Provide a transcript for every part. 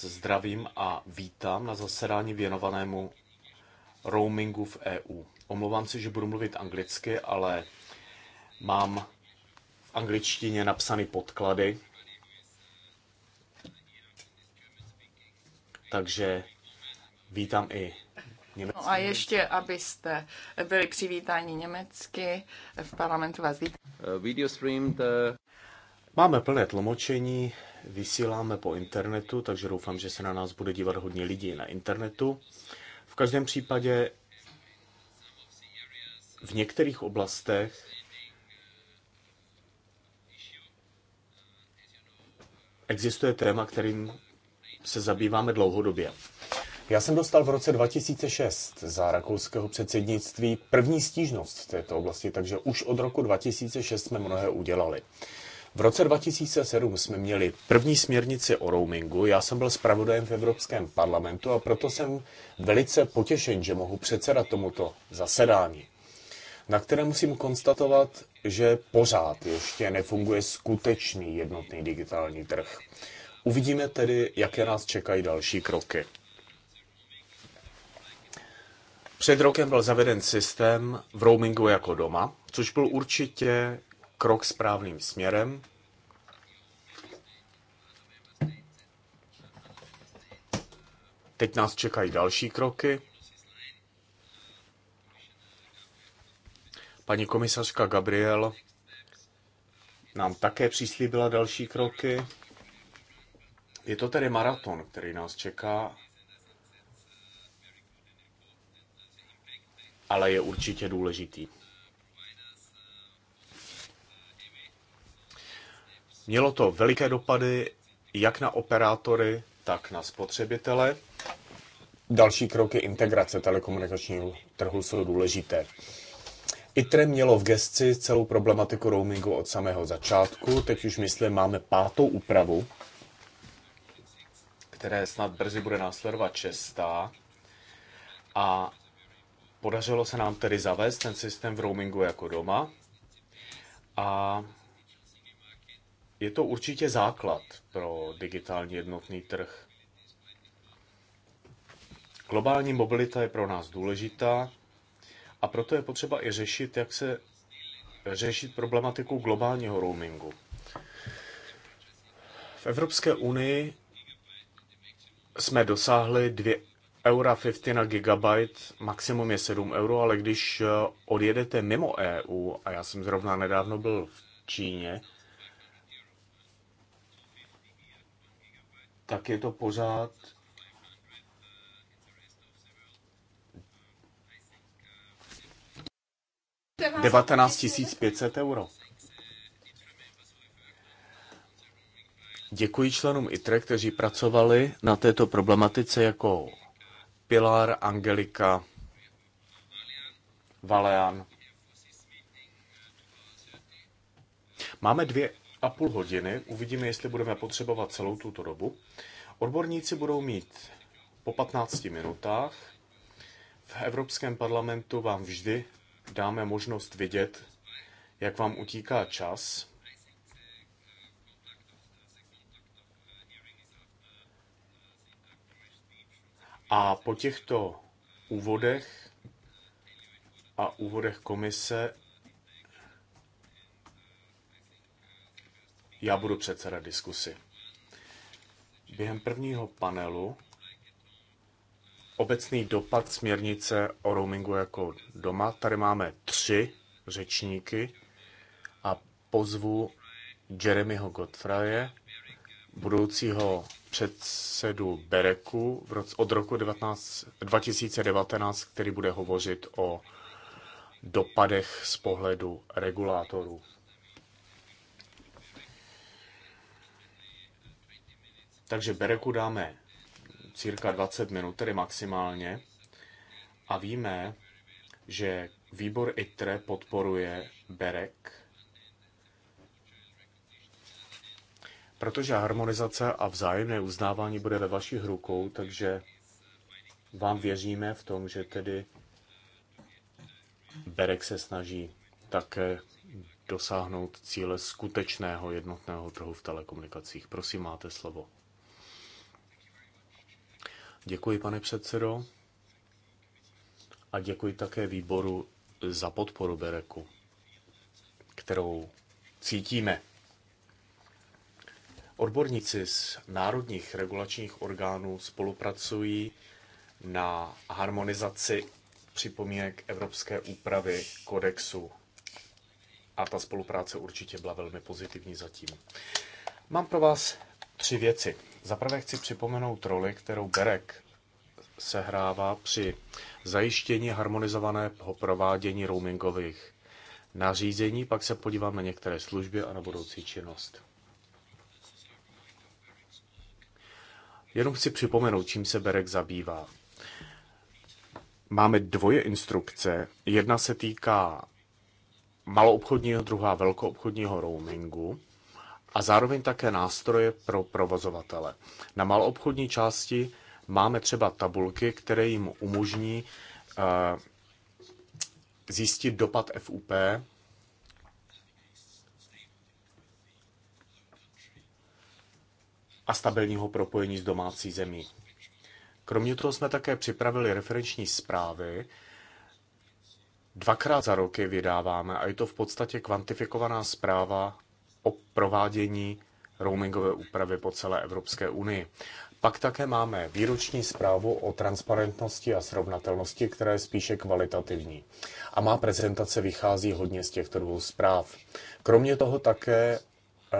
Zdravím a vítám na zasedání věnovanému roamingu v EU. Omlouvám se, že budu mluvit anglicky, ale mám v angličtině napsané podklady, takže vítám i německy. No a ještě, abyste byli přivítáni německy, v parlamentu vás vítám. Eh, video stream eh, Máme plné tlumočení, vysíláme po internetu, takže doufám, že se na nás bude dívat hodně lidí na internetu. V každém případě v některých oblastech existuje téma, kterým se zabýváme dlouhodobě. Já jsem dostal v roce 2006 za rakouského předsednictví první stížnost v této oblasti, takže už od roku 2006 jsme mnohé udělali. V roce 2007 jsme měli první směrnici o roamingu. Já jsem byl zpravodajem v Evropském parlamentu a proto jsem velice potěšen, že mohu předsedat tomuto zasedání, na které musím konstatovat, že pořád ještě nefunguje skutečný jednotný digitální trh. Uvidíme tedy, jaké nás čekají další kroky. Před rokem byl zaveden systém v roamingu jako doma, což byl určitě krok správným směrem. Teď nás čekají další kroky. Paní komisařka Gabriel nám také přislíbila další kroky. Je to tedy maraton, který nás čeká, ale je určitě důležitý. Mělo to veliké dopady jak na operátory, tak na spotřebitele. Další kroky integrace telekomunikačního trhu jsou důležité. ITRE mělo v gesci celou problematiku roamingu od samého začátku. Teď už, myslím, máme pátou úpravu, které snad brzy bude následovat šestá. A podařilo se nám tedy zavést ten systém v roamingu jako doma. A je to určitě základ pro digitální jednotný trh. Globální mobilita je pro nás důležitá a proto je potřeba i řešit, jak se řešit problematiku globálního roamingu. V Evropské unii jsme dosáhli 2 eura 50 na gigabyte, maximum je 7 euro, ale když eh, odjedete mimo EU, a já jsem zrovna nedávno byl v Číně, tak je to pořád devatenáct tisíc pětset euro. Děkuji členům ITRE, kteří pracovali na této problematice jako Pilar, Angelika, Valean. Máme dvě a půl hodiny. Uvidíme, jestli budeme potřebovat celou tuto dobu. Odborníci budou mít po 15 minutách. V Evropském parlamentu vám vždy dáme možnost vidět, jak vám utíká čas. A po těchto úvodech a úvodech komise já budu předseda diskusy. Během prvního panelu obecný dopad směrnice o roamingu jako doma. Tady máme tři řečníky a pozvu Jeremyho Godfraje, budoucího předsedu Bereku od roku 19, 2019, který bude hovořit o dopadech z pohledu regulátorů. Takže bereku dáme cirka 20 minut, tedy maximálně. A víme, že výbor ITRE podporuje berek, protože harmonizace a vzájemné uznávání bude ve vašich rukou, takže vám věříme v tom, že tedy Berek se snaží také dosáhnout cíle skutečného jednotného trhu v telekomunikacích. Prosím, máte slovo. Děkuji, pane předsedo. A děkuji také výboru za podporu Bereku, kterou cítíme. Odborníci z národních regulačních orgánů spolupracují na harmonizaci připomínek Evropské úpravy kodexu. A ta spolupráce určitě byla velmi pozitivní zatím. Mám pro vás tři věci. Zaprvé chci připomenout roli, kterou Berek sehrává při zajištění harmonizovaného provádění roamingových nařízení, pak se podívám na některé služby a na budoucí činnost. Jenom chci připomenout, čím se Berek zabývá. Máme dvoje instrukce. Jedna se týká maloobchodního, druhá velkoobchodního roamingu a zároveň také nástroje pro provozovatele. Na maloobchodní části máme třeba tabulky, které jim umožní eh, zjistit dopad FUP a stabilního propojení s domácí zemí. Kromě toho jsme také připravili referenční zprávy. Dvakrát za roky vydáváme a je to v podstatě kvantifikovaná zpráva o provádění roamingové úpravy po celé Evropské unii. Pak také máme výroční zprávu o transparentnosti a srovnatelnosti, která je spíše kvalitativní. A má prezentace vychází hodně z těchto dvou zpráv. Kromě toho také eh,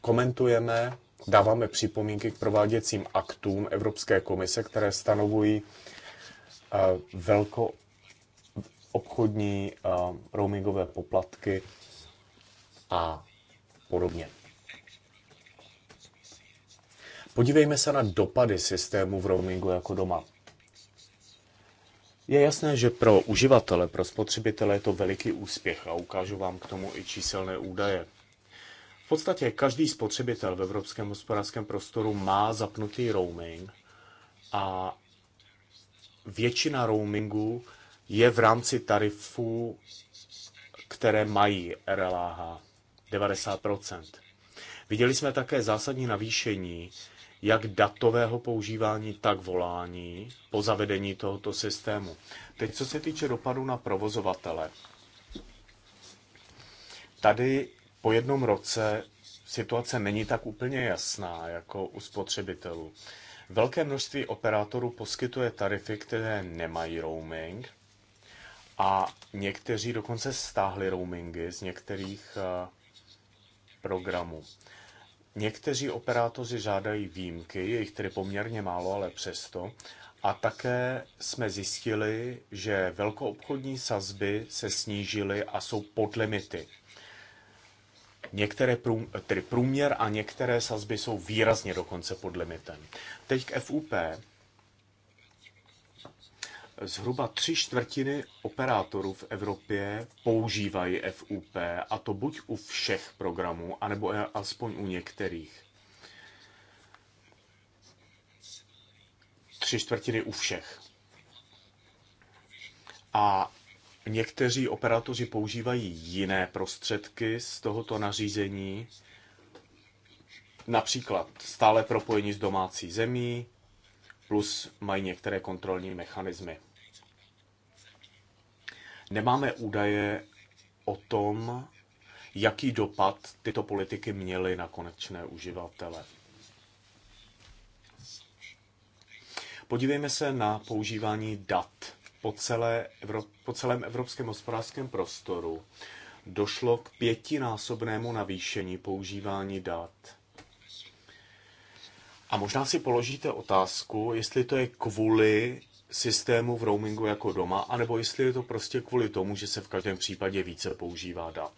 komentujeme, dáváme připomínky k prováděcím aktům Evropské komise, které stanovují eh, velko obchodní eh, roamingové poplatky a podobně. Podívejme se na dopady systému v roamingu jako doma. Je jasné, že pro uživatele, pro spotřebitele je to veliký úspěch a ukážu vám k tomu i číselné údaje. V podstatě každý spotřebitel v evropském hospodářském prostoru má zapnutý roaming a většina roamingu je v rámci tarifů, které mají RLAH. 90 Viděli jsme také zásadní navýšení jak datového používání, tak volání po zavedení tohoto systému. Teď, co se týče dopadu na provozovatele. Tady po jednom roce situace není tak úplně jasná jako u spotřebitelů. Velké množství operátorů poskytuje tarify, které nemají roaming a někteří dokonce stáhli roamingy z některých eh, programu. Někteří operátoři žádají výjimky, je jich tedy poměrně málo, ale přesto. A také jsme zjistili, že velkoobchodní sazby se snížily a jsou pod limity. Některé prům, tedy průměr a některé sazby jsou výrazně dokonce pod limitem. Teď k FUP Zhruba tři čtvrtiny operátorů v Evropě používají FUP, a to buď u všech programů, anebo alespoň u některých. Tři čtvrtiny u všech. A někteří operátoři používají jiné prostředky z tohoto nařízení, například stále propojení s domácí zemí, plus mají některé kontrolní mechanismy. Nemáme údaje o tom, jaký dopad tyto politiky měly na konečné uživatele. Podívejme se na používání dat. Po, celé Evrop- po celém evropském hospodářském prostoru došlo k pětinásobnému navýšení používání dat. A možná si položíte otázku, jestli to je kvůli systému v roamingu jako doma, anebo jestli je to prostě kvůli tomu, že se v každém případě více používá dat.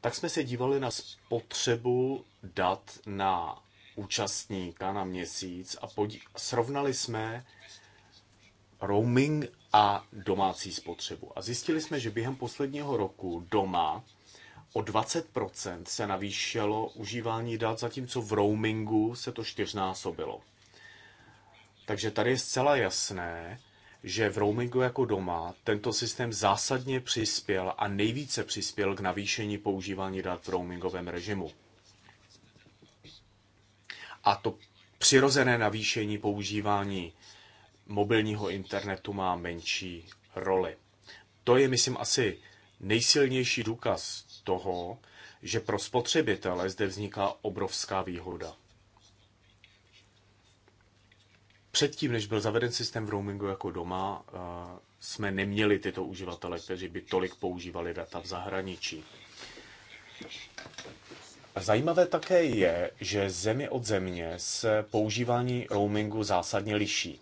Tak jsme se dívali na spotřebu dat na účastníka na měsíc a srovnali jsme roaming a domácí spotřebu. A zjistili jsme, že během posledního roku doma o 20% se navýšilo užívání dat, zatímco v roamingu se to čtyřnásobilo. Takže tady je zcela jasné, že v roamingu jako doma tento systém zásadně přispěl a nejvíce přispěl k navýšení používání dat v roamingovém režimu. A to přirozené navýšení používání mobilního internetu má menší roli. To je, myslím, asi nejsilnější důkaz toho, že pro spotřebitele zde vzniká obrovská výhoda. Předtím, než byl zaveden systém v roamingu jako doma, eh, jsme neměli tyto uživatele, kteří by tolik používali data v zahraničí. Zajímavé také je, že země od země se používání roamingu zásadně liší.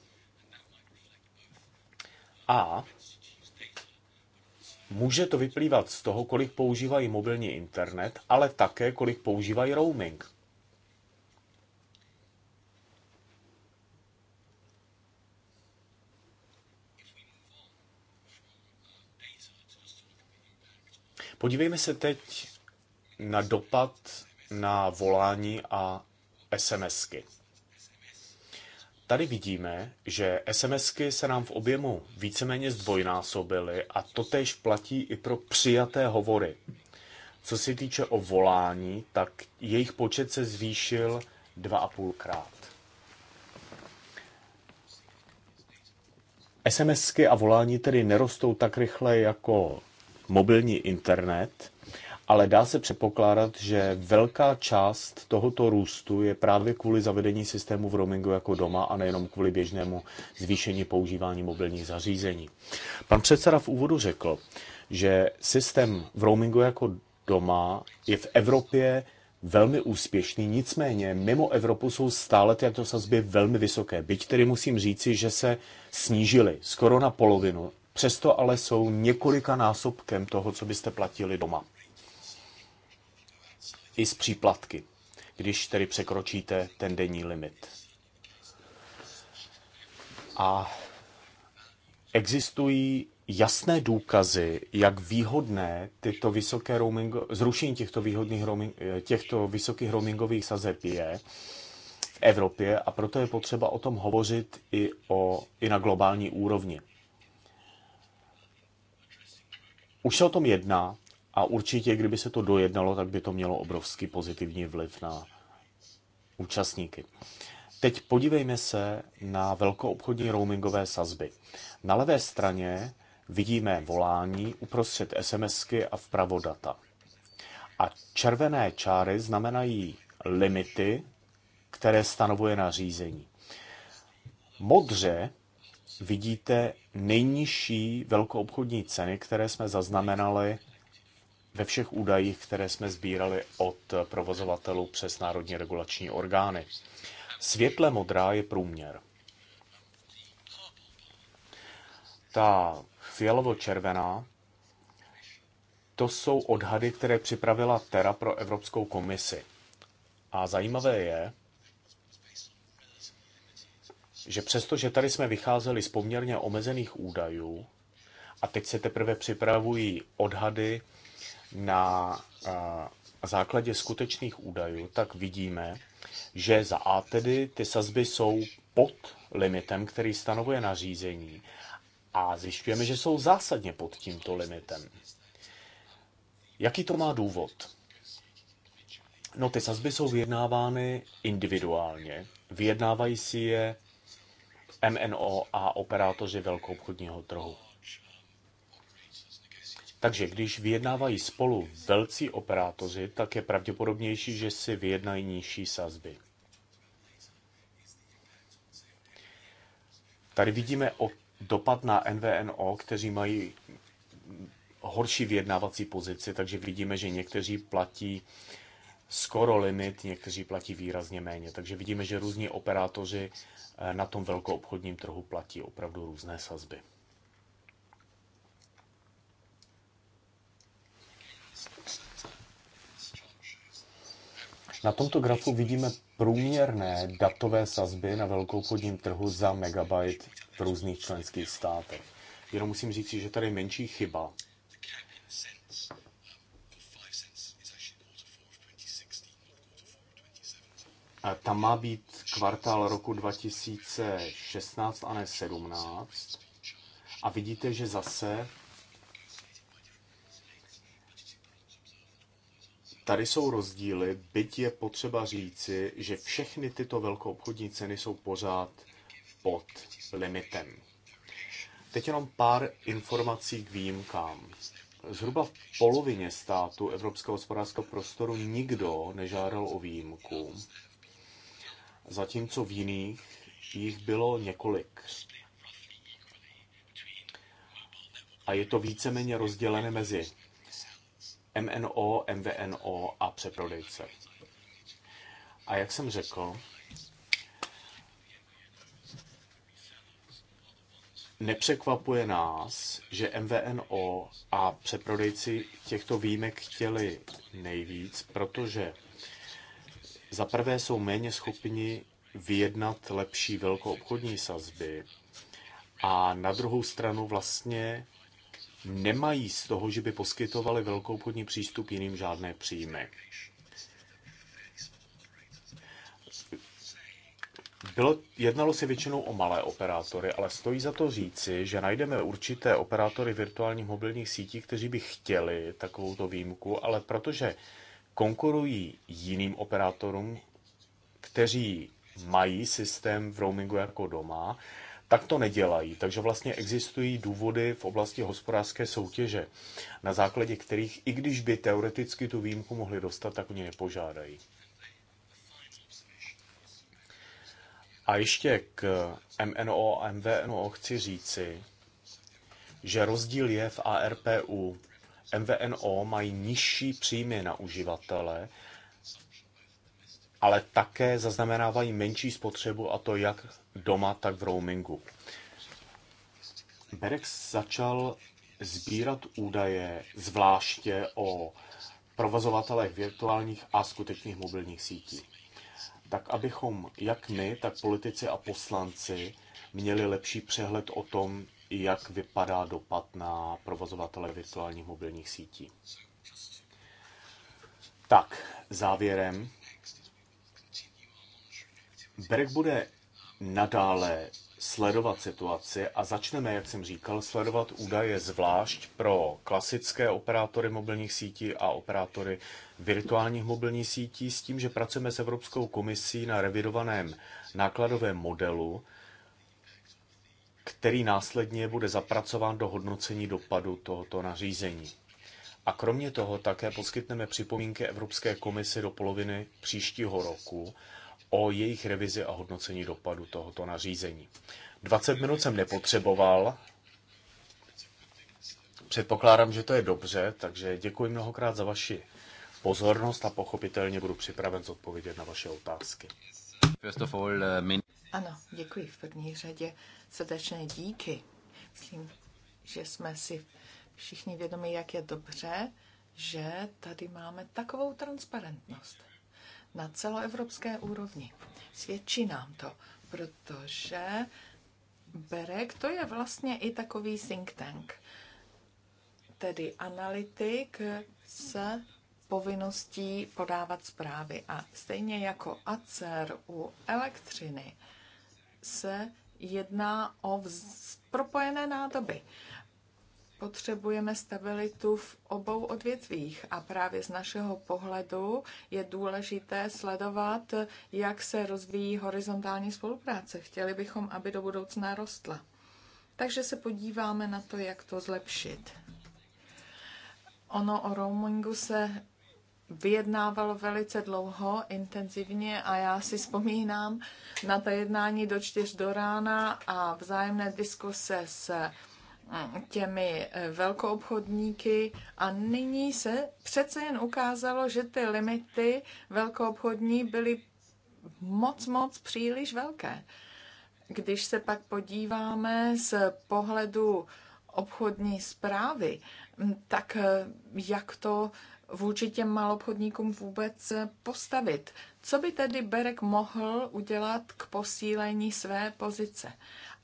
A může to vyplývat z toho, kolik používají mobilní internet, ale také kolik používají roaming. Podívejme se teď na dopad na volání a SMSky. Tady vidíme, že SMSky se nám v objemu víceméně zdvojnásobily a to totéž platí i pro přijaté hovory. Co se týče o volání, tak jejich počet se zvýšil 2,5 a půlkrát. SMSky a volání tedy nerostou tak rychle jako mobilní internet, ale dá se předpokládat, že velká část tohoto růstu je právě kvůli zavedení systému v roamingu jako doma a nejenom kvůli běžnému zvýšení používání mobilních zařízení. Pan předseda v úvodu řekl, že systém v roamingu jako doma je v Evropě velmi úspěšný, nicméně mimo Evropu jsou stále tyto sazby velmi vysoké. Byť tedy musím říci, že se snížily skoro na polovinu Přesto ale jsou několika násobkem toho, co byste platili doma. I s příplatky, když tedy překročíte ten denní limit. A existují jasné důkazy, jak výhodné tyto vysoké roamingo, zrušení těchto, výhodných roaming, těchto vysokých roamingových sazeb je v Evropě a proto je potřeba o tom hovořit i, o, i na globální úrovni. Už se o tom jedná a určitě, kdyby se to dojednalo, tak by to mělo obrovský pozitivní vliv na účastníky. Teď podívejme se na velkoobchodní roamingové sazby. Na levé straně vidíme volání uprostřed SMSky a vpravo data. A červené čáry znamenají limity, které stanovuje nařízení. Modře vidíte nejnižší velkoobchodní ceny, které jsme zaznamenali ve všech údajích, které jsme sbírali od provozovatelů přes národní regulační orgány. Světle modrá je průměr. Ta fialovo-červená, to jsou odhady, které připravila Tera pro Evropskou komisi. A zajímavé je, že že tady jsme vycházeli z poměrně omezených údajů a teď se teprve připravují odhady eh, na základě skutečných údajů, tak vidíme, že za A tedy ty sazby jsou pod limitem, který stanovuje nařízení a zjišťujeme, že jsou zásadně pod tímto limitem. Jaký to má důvod? No, ty sazby jsou vyjednávány individuálně. Vyjednávají si je MNO a operátoři velkou obchodního trhu. Takže když vyjednávají spolu velcí operátoři, tak je pravděpodobnější, že si vyjednají nižší sazby. Tady vidíme dopad na NVNO, kteří mají horší vyjednávací pozici, takže vidíme, že někteří platí skoro limit, někteří platí výrazně méně. Takže vidíme, že různí operátoři eh, na tom velkou obchodním trhu platí opravdu různé sazby. Na tomto grafu vidíme průměrné datové sazby na obchodním trhu za megabyte v různých členských státech. Jenom musím říct, že tady je menší chyba, Tam má být kvartál roku 2016 a ne 17. A vidíte, že zase Tady jsou rozdíly, byť je potřeba říci, že všechny tyto velkoobchodní ceny jsou pořád pod limitem. Teď jenom pár informací k výjimkám. Zhruba v polovině státu Evropského hospodářského prostoru nikdo nežádal o výjimku zatímco v jiných jich bylo několik. A je to víceméně rozdělené mezi MNO, MVNO a přeprodejce. A jak jsem řekl, nepřekvapuje nás, že MVNO a přeprodejci těchto výjimek chtěli nejvíc, protože za prvé jsou méně schopni vyjednat lepší velkoobchodní sazby a na druhou stranu vlastně nemají z toho, že by poskytovali velkoobchodní přístup jiným žádné příjmy. Bylo, jednalo se většinou o malé operátory, ale stojí za to říci, že najdeme určité operátory virtuálních mobilních sítí, kteří by chtěli takovouto výjimku, ale protože konkurují jiným operátorům, kteří mají systém v roamingu jako doma, tak to nedělají. Takže vlastně existují důvody v oblasti hospodářské soutěže, na základě kterých, i když by teoreticky tu výjimku mohli dostat, tak oni nepožádají. A ještě k MNO a MVNO chci říci, že rozdíl je v ARPU. MVNO mají nižší příjmy na uživatele, ale také zaznamenávají menší spotřebu, a to jak doma, tak v roamingu. Berex začal sbírat údaje zvláště o provozovatelech virtuálních a skutečných mobilních sítí. Tak abychom jak my, tak politici a poslanci měli lepší přehled o tom, jak vypadá dopad na provozovatele virtuálních mobilních sítí. Tak, závěrem. Berek bude nadále sledovat situaci a začneme, jak jsem říkal, sledovat údaje zvlášť pro klasické operátory mobilních sítí a operátory virtuálních mobilních sítí s tím, že pracujeme s Evropskou komisí na revidovaném nákladovém modelu, který následně bude zapracován do hodnocení dopadu tohoto nařízení. A kromě toho také poskytneme připomínky Evropské komisi do poloviny příštího roku o jejich revizi a hodnocení dopadu tohoto nařízení. 20 minut jsem nepotřeboval. Předpokládám, že to je dobře, takže děkuji mnohokrát za vaši pozornost a pochopitelně budu připraven zodpovědět na vaše otázky. Uh, ano, děkuji v první řadě srdečné díky. Myslím, že jsme si všichni vědomi, jak je dobře, že tady máme takovou transparentnost na celoevropské úrovni. Svědčí nám to, protože Berek to je vlastně i takový think tank, tedy analytik se povinností podávat zprávy. A stejně jako ACER u elektřiny se jedná o propojené nádoby. Potřebujeme stabilitu v obou odvětvích a právě z našeho pohledu je důležité sledovat, jak se rozvíjí horizontální spolupráce. Chtěli bychom, aby do budoucna rostla. Takže se podíváme na to, jak to zlepšit. Ono o roamingu se vyjednávalo velice dlouho, intenzivně a já si vzpomínám na ta jednání do čtyř do rána a vzájemné diskuse s mm, těmi eh, velkoobchodníky a nyní se přece jen ukázalo, že ty limity velkoobchodní byly moc, moc příliš velké. Když se pak podíváme z pohledu obchodní zprávy, mm, tak eh, jak to vůči těm malobchodníkům vůbec postavit. Co by tedy Berek mohl udělat k posílení své pozice?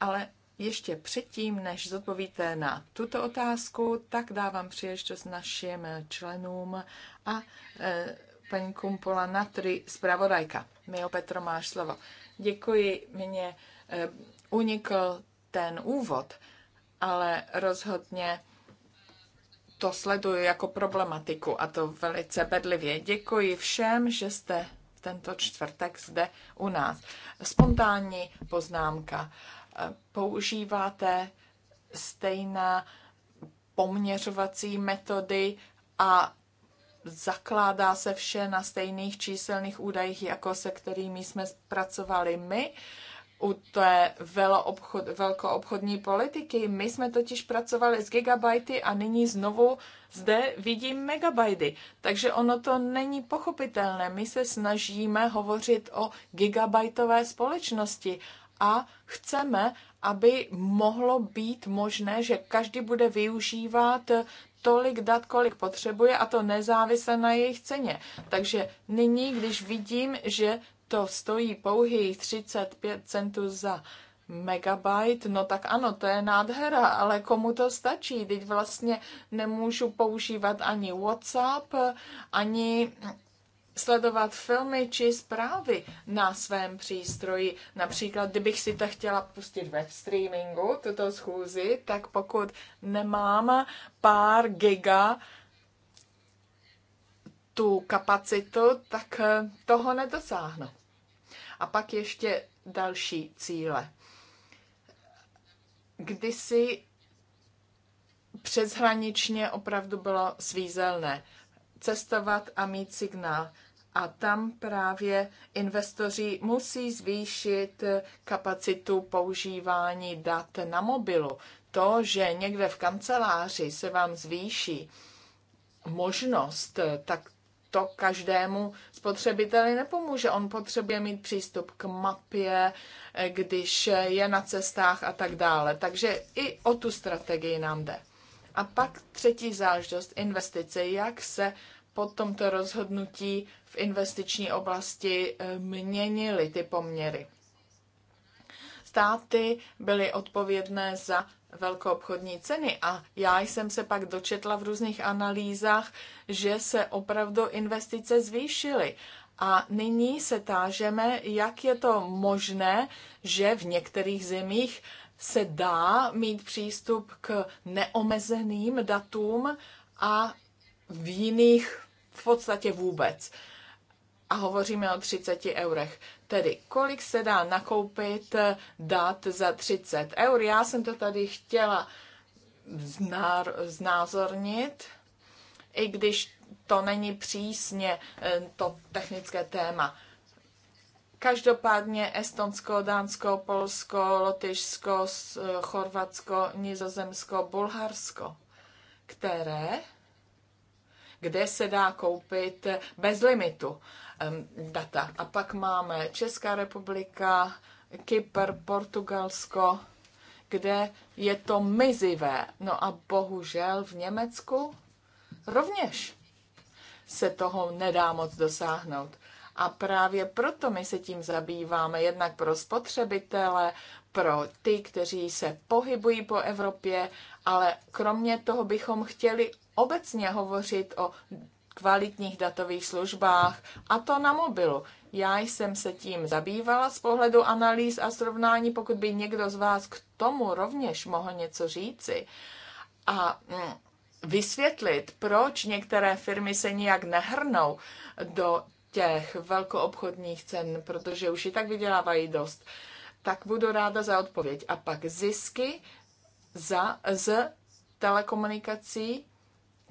Ale ještě předtím, než zodpovíte na tuto otázku, tak dávám příležitost našim členům a e, paní Kumpola Natry, zpravodajka. Mio Petro, máš slovo. Děkuji, mě e, unikl ten úvod, ale rozhodně to sleduji jako problematiku a to velice bedlivě. Děkuji všem, že jste tento čtvrtek zde u nás. Spontánní poznámka. Používáte stejná poměřovací metody a zakládá se vše na stejných číselných údajích, jako se kterými jsme pracovali my u té veloobchod, velkoobchodní politiky. My jsme totiž pracovali s gigabajty a nyní znovu zde vidím megabajty. Takže ono to není pochopitelné. My se snažíme hovořit o gigabajtové společnosti a chceme, aby mohlo být možné, že každý bude využívat tolik dat, kolik potřebuje a to nezávisle na jejich ceně. Takže nyní, když vidím, že to stojí pouhých 35 centů za megabyte, no tak ano, to je nádhera, ale komu to stačí? Teď vlastně nemůžu používat ani WhatsApp, ani sledovat filmy či zprávy na svém přístroji. Například, kdybych si to chtěla pustit ve streamingu, tuto schůzi, tak pokud nemám pár giga tu kapacitu, tak eh, toho nedosáhnu. A pak ještě další cíle. Kdysi přeshraničně opravdu bylo svízelné cestovat a mít signál. A tam právě investoři musí zvýšit eh, kapacitu používání dat na mobilu. To, že někde v kanceláři se vám zvýší možnost, eh, tak to každému spotřebiteli nepomůže. On potřebuje mít přístup k mapě, když je na cestách a tak dále. Takže i o tu strategii nám jde. A pak třetí záležitost, investice. Jak se po tomto rozhodnutí v investiční oblasti eh, měnily ty poměry? státy byly odpovědné za velkoobchodní ceny. A já jsem se pak dočetla v různých analýzách, že se opravdu investice zvýšily. A nyní se tážeme, jak je to možné, že v některých zemích se dá mít přístup k neomezeným datům a v jiných v podstatě vůbec a hovoříme o 30 eurech. Tedy kolik se dá nakoupit dat za 30 eur? Já jsem to tady chtěla znázornit, i když to není přísně eh, to technické téma. Každopádně Estonsko, Dánsko, Polsko, Lotyšsko, Chorvatsko, Nizozemsko, Bulharsko, které kde se dá koupit bez limitu data. A pak máme Česká republika, Kypr, Portugalsko, kde je to mizivé. No a bohužel v Německu rovněž se toho nedá moc dosáhnout. A právě proto my se tím zabýváme, jednak pro spotřebitele, pro ty, kteří se pohybují po Evropě, ale kromě toho bychom chtěli obecně hovořit o kvalitních datových službách, a to na mobilu. Já jsem se tím zabývala z pohledu analýz a srovnání, pokud by někdo z vás k tomu rovněž mohl něco říci. A mm, vysvětlit, proč některé firmy se nijak nehrnou do těch velkoobchodních cen, protože už i tak vydělávají dost, tak budu ráda za odpověď. A pak zisky za, z telekomunikací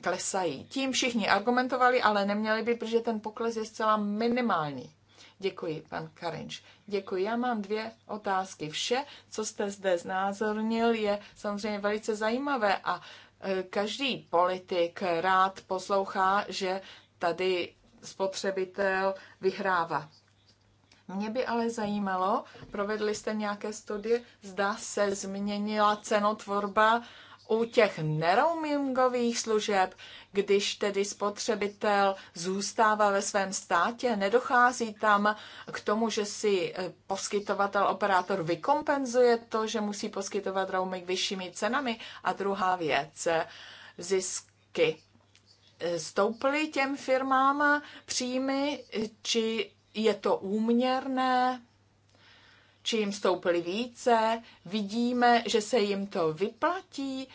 klesají. Tím všichni argumentovali, ale neměli by, protože ten pokles je zcela minimální. Děkuji, pan Karinč. Děkuji. Já mám dvě otázky. Vše, co jste zde znázornil, je samozřejmě velice zajímavé a e, každý politik rád poslouchá, že tady spotřebitel vyhrává. Mě by ale zajímalo, provedli jste nějaké studie, zda se změnila cenotvorba u těch neroamingových služeb, když tedy spotřebitel zůstává ve svém státě, nedochází tam k tomu, že si eh, poskytovatel, operátor vykompenzuje to, že musí poskytovat roaming vyššími cenami. A druhá věc, zisky stouply těm firmám příjmy, či je to úměrné či jim stouply více, vidíme, že se jim to vyplatí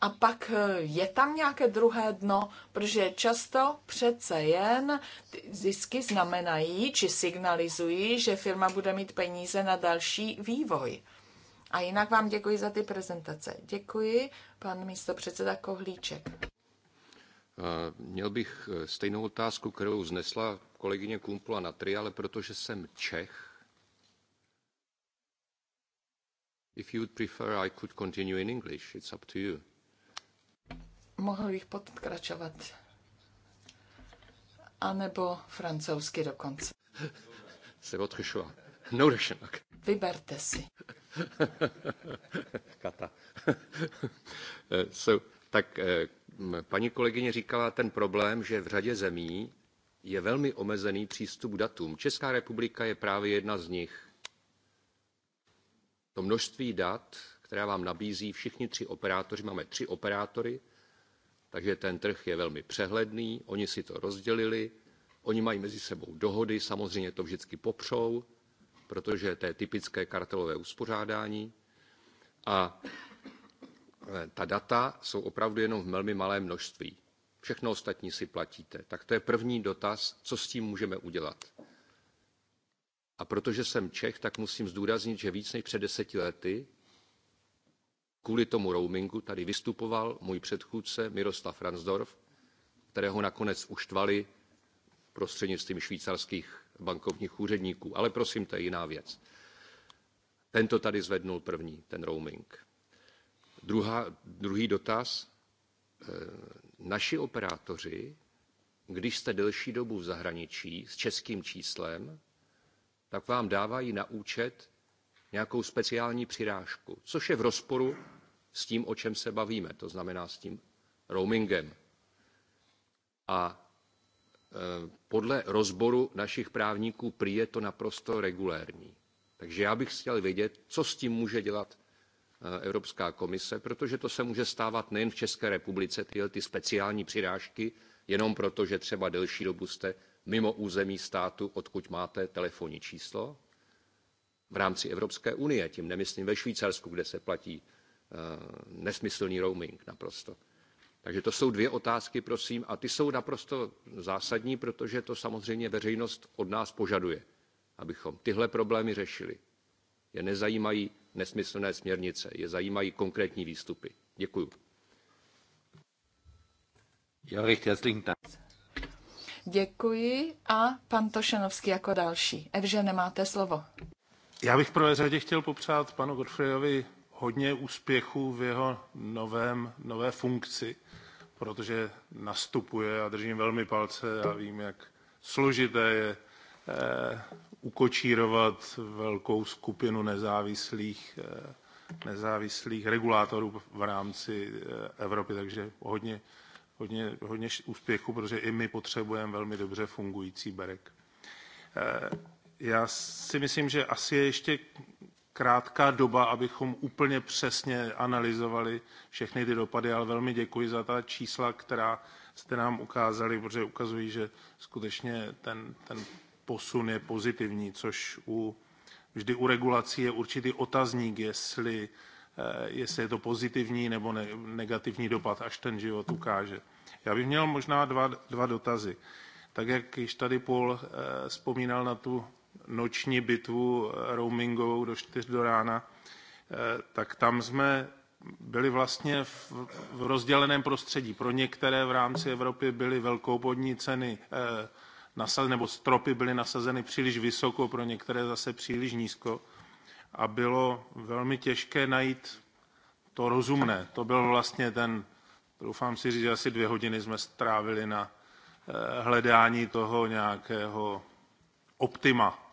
a pak eh, je tam nějaké druhé dno, protože často přece jen zisky znamenají či signalizují, že firma bude mít peníze na další vývoj. A jinak vám děkuji za ty prezentace. Děkuji, pan místo předseda Kohlíček. Eh, měl bych eh, stejnou otázku, kterou znesla kolegyně Kumpula na tri, ale protože jsem Čech, If you would prefer, I could continue in English. It's up to you. Mohl bych pokračovat. A nebo francouzsky dokonce. C'est votre choix. No ryšenak. Vyberte si. Kata. Eh, so, tak eh, paní kolegyně říkala ten problém, že v řadě zemí je velmi omezený přístup k datům. Česká republika je právě jedna z nich to množství dat, která vám nabízí všichni tři operátoři, máme tři operátory, takže ten trh je velmi přehledný, oni si to rozdělili, oni mají mezi sebou dohody, samozřejmě to vždycky popřou, protože to je typické kartelové uspořádání. A eh, ta data jsou opravdu jenom v velmi malém množství. Všechno ostatní si platíte. Tak to je první dotaz, co s tím můžeme udělat. A protože jsem Čech, tak musím zdůraznit, že víc než před deseti lety kvůli tomu roamingu tady vystupoval můj předchůdce Miroslav Ransdorf, kterého nakonec uštvali prostřednictvím švýcarských bankovních úředníků. Ale prosím, to je jiná věc. Tento tady zvednul první, ten roaming. Druhá, druhý dotaz. E, naši operátoři, když jste delší dobu v zahraničí s českým číslem, tak vám dávají na účet nějakou speciální přirážku, což je v rozporu s tím, o čem se bavíme, to znamená s tím roamingem. A e, podle rozboru našich právníků prý je to naprosto regulérní. Takže já bych chtěl vědět, co s tím může dělat e, Evropská komise, protože to se může stávat nejen v České republice, tyhle ty speciální přirážky, jenom proto, že třeba delší dobu jste mimo území státu, odkud máte telefonní číslo. V rámci Evropské unie, tím nemyslím ve Švýcarsku, kde se platí eh, nesmyslný roaming naprosto. Takže to jsou dvě otázky, prosím, a ty jsou naprosto zásadní, protože to samozřejmě veřejnost od nás požaduje, abychom tyhle problémy řešili. Je nezajímají nesmyslné směrnice, je zajímají konkrétní výstupy. Děkuju. Ja, recht herzlichen Dank. Děkuji a pan Tošenovský jako další. Evže, nemáte slovo. Já bych prvé řadě chtěl popřát panu Godfreyovi hodně úspěchů v jeho novém, nové funkci, protože nastupuje a držím velmi palce a vím, jak složité je eh, ukočírovat velkou skupinu nezávislých, eh, nezávislých regulátorů v rámci eh, Evropy, takže hodně hodně, hodně úspěchu, protože i my potřebujeme velmi dobře fungující berek. Eh, já si myslím, že asi je ještě krátká doba, abychom úplně přesně analyzovali všechny ty dopady, ale velmi děkuji za ta čísla, která jste nám ukázali, protože ukazují, že skutečně ten, ten posun je pozitivní, což u, vždy u regulací je určitý otazník, jestli Eh, jestli je to pozitivní nebo negativní dopad, až ten život ukáže. Já bych měl možná dva, dva dotazy. Tak jak již tady Paul eh, vzpomínal na tu noční bitvu eh, roamingovou do 4 do rána, tak tam jsme byli vlastně v, v rozděleném prostředí. Pro některé v rámci Evropy byly velkou ceny nasazeny, nebo stropy byly nasazeny příliš vysoko, pro některé zase příliš nízko a bylo velmi těžké najít to rozumné. To byl vlastně ten, doufám si říct, že asi dvě hodiny jsme strávili na eh, hledání toho nějakého optima,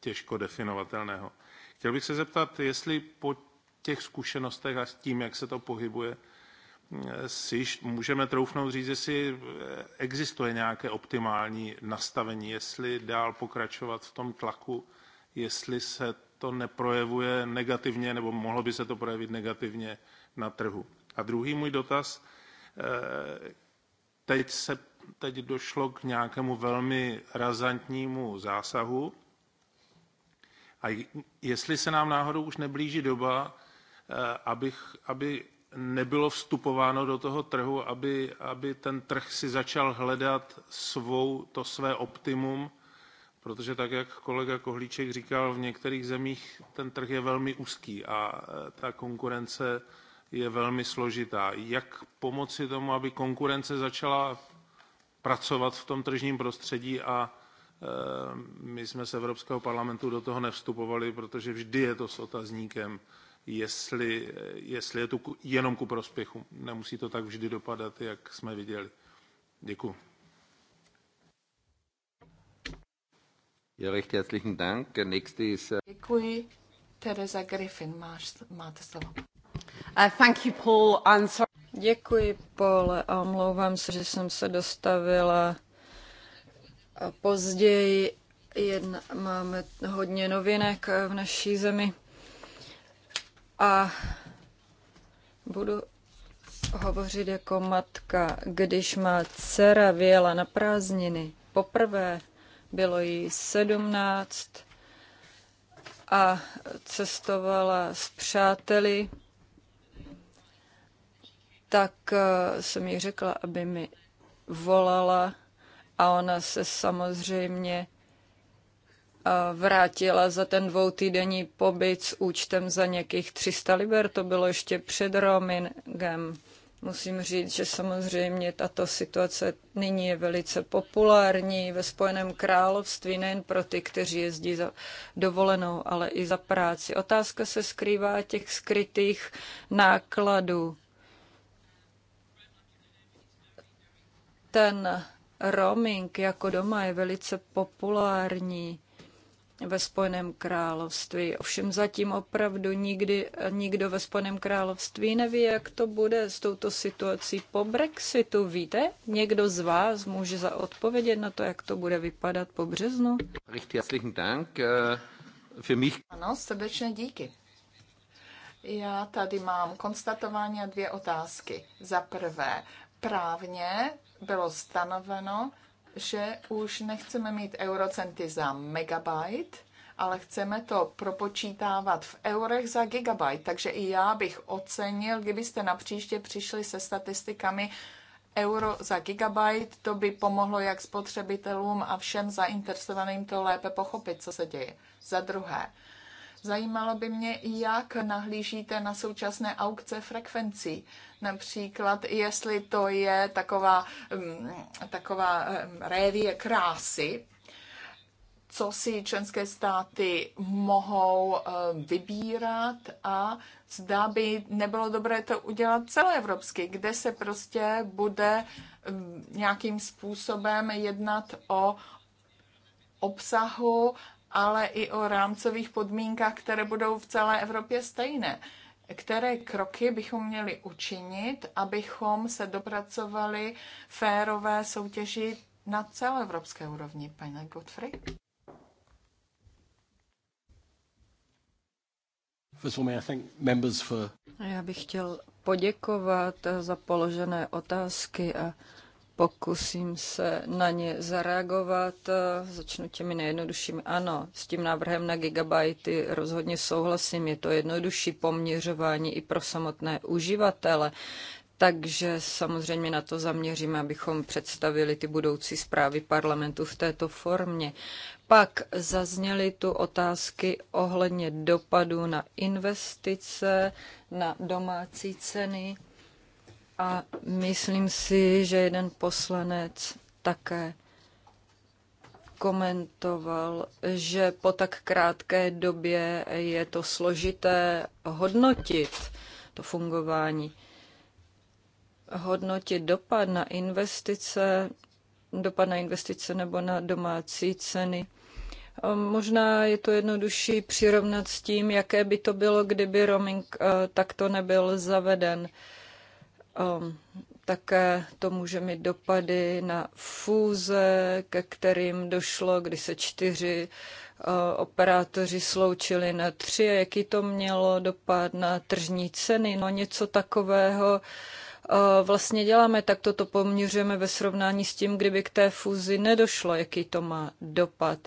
těžko definovatelného. Chtěl bych se zeptat, jestli po těch zkušenostech a s tím, jak se to pohybuje, eh, si můžeme troufnout říct, jestli eh, existuje nějaké optimální nastavení, jestli dál pokračovat v tom tlaku, jestli se to neprojevuje negativně, nebo mohlo by se to projevit negativně na trhu. A druhý můj dotaz, eh, teď se teď došlo k nějakému velmi razantnímu zásahu a jestli se nám náhodou už neblíží doba, eh, abych, aby nebylo vstupováno do toho trhu, aby, aby ten trh si začal hledat svou, to své optimum, Protože tak, jak kolega Kohlíček říkal, v některých zemích ten trh je velmi úzký a e, ta konkurence je velmi složitá. Jak pomoci tomu, aby konkurence začala pracovat v tom tržním prostředí a e, my jsme z Evropského parlamentu do toho nevstupovali, protože vždy je to s otazníkem, jestli, jestli je to jenom ku prospěchu. Nemusí to tak vždy dopadat, jak jsme viděli. Děkuji. Ja, recht herzlichen Dank. Nächste ist... Äh, Děkuji. Teresa Griffin, máš, máte slovo. Uh, thank you, Paul. I'm sorry. Děkuji, Paul. A omlouvám se, že jsem se dostavila a později. Jedna, máme hodně novinek eh, v naší zemi. A budu hovořit jako matka, když má dcera věla na prázdniny poprvé bylo jí 17 a cestovala s přáteli, tak eh, jsem jí řekla, aby mi volala a ona se samozřejmě eh, vrátila za ten dvoutýdenní pobyt s účtem za nějakých 300 liber. To bylo ještě před roamingem. Musím říct, že samozřejmě tato situace nyní je velice populární ve Spojeném království, nejen pro ty, kteří jezdí za dovolenou, ale i za práci. Otázka se skrývá těch skrytých nákladů. Ten roaming jako doma je velice populární ve Spojeném království. Ovšem zatím opravdu nikdy nikdo ve Spojeném království neví, jak to bude s touto situací po Brexitu. Víte, někdo z vás může zaodpovědět na to, jak to bude vypadat po březnu? Äh, ano, srdečně díky. Já tady mám konstatování a dvě otázky. Za prvé, právně bylo stanoveno, že už nechceme mít eurocenty za megabyte, ale chceme to propočítávat v eurech za gigabyte. Takže i já bych ocenil, kdybyste na příště přišli se statistikami euro za gigabyte, to by pomohlo jak spotřebitelům a všem zainteresovaným to lépe pochopit, co se děje. Za druhé, Zajímalo by mě, jak nahlížíte na současné aukce frekvencí. Například, jestli to je taková, mm, taková mm, révie krásy, co si členské státy mohou eh, vybírat a zdá by nebylo dobré to udělat celoevropsky, kde se prostě bude mm, nějakým způsobem jednat o obsahu ale i o rámcových podmínkách, které budou v celé Evropě stejné. Které kroky bychom měli učinit, abychom se dopracovali férové soutěži na celoevropské úrovni, pane Godfrey? Já bych chtěl poděkovat za položené otázky a Pokusím se na ně zareagovat. Začnu těmi nejjednoduššími. Ano, s tím návrhem na gigabajty rozhodně souhlasím. Je to jednodušší poměřování i pro samotné uživatele. Takže samozřejmě na to zaměříme, abychom představili ty budoucí zprávy parlamentu v této formě. Pak zazněly tu otázky ohledně dopadu na investice, na domácí ceny a myslím si, že jeden poslanec také komentoval, že po tak krátké době je to složité hodnotit to fungování. Hodnotit dopad na investice, dopad na investice nebo na domácí ceny. Možná je to jednodušší přirovnat s tím, jaké by to bylo, kdyby roaming eh, takto nebyl zaveden. Ehm, také to může mít dopady na fúze, ke kterým došlo, kdy se čtyři eh, operátoři sloučili na tři a jaký to mělo dopad na tržní ceny. No něco takového eh, vlastně děláme, tak toto poměřujeme ve srovnání s tím, kdyby k té fúzi nedošlo, jaký to má dopad.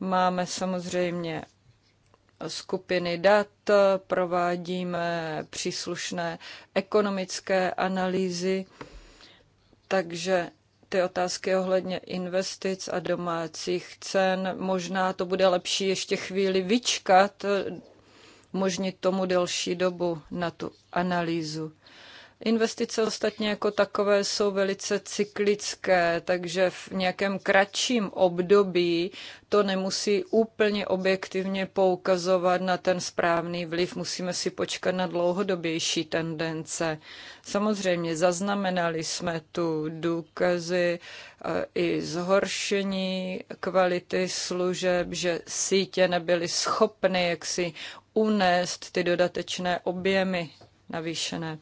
Máme samozřejmě skupiny dat, provádíme příslušné ekonomické analýzy, takže ty otázky ohledně investic a domácích cen, možná to bude lepší ještě chvíli vyčkat, možnit tomu delší dobu na tu analýzu. Investice ostatně jako takové jsou velice cyklické, takže v nějakém kratším období to nemusí úplně objektivně poukazovat na ten správný vliv. Musíme si počkat na dlouhodobější tendence. Samozřejmě zaznamenali jsme tu důkazy eh, i zhoršení kvality služeb, že sítě nebyly schopny jaksi unést ty dodatečné objemy navýšené.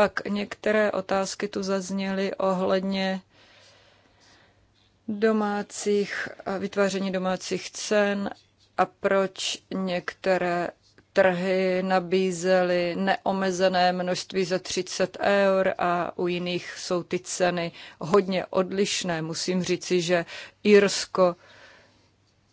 Pak některé otázky tu zazněly ohledně domácích, vytváření domácích cen a proč některé trhy nabízely neomezené množství za 30 eur a u jiných jsou ty ceny hodně odlišné. Musím říci, že Irsko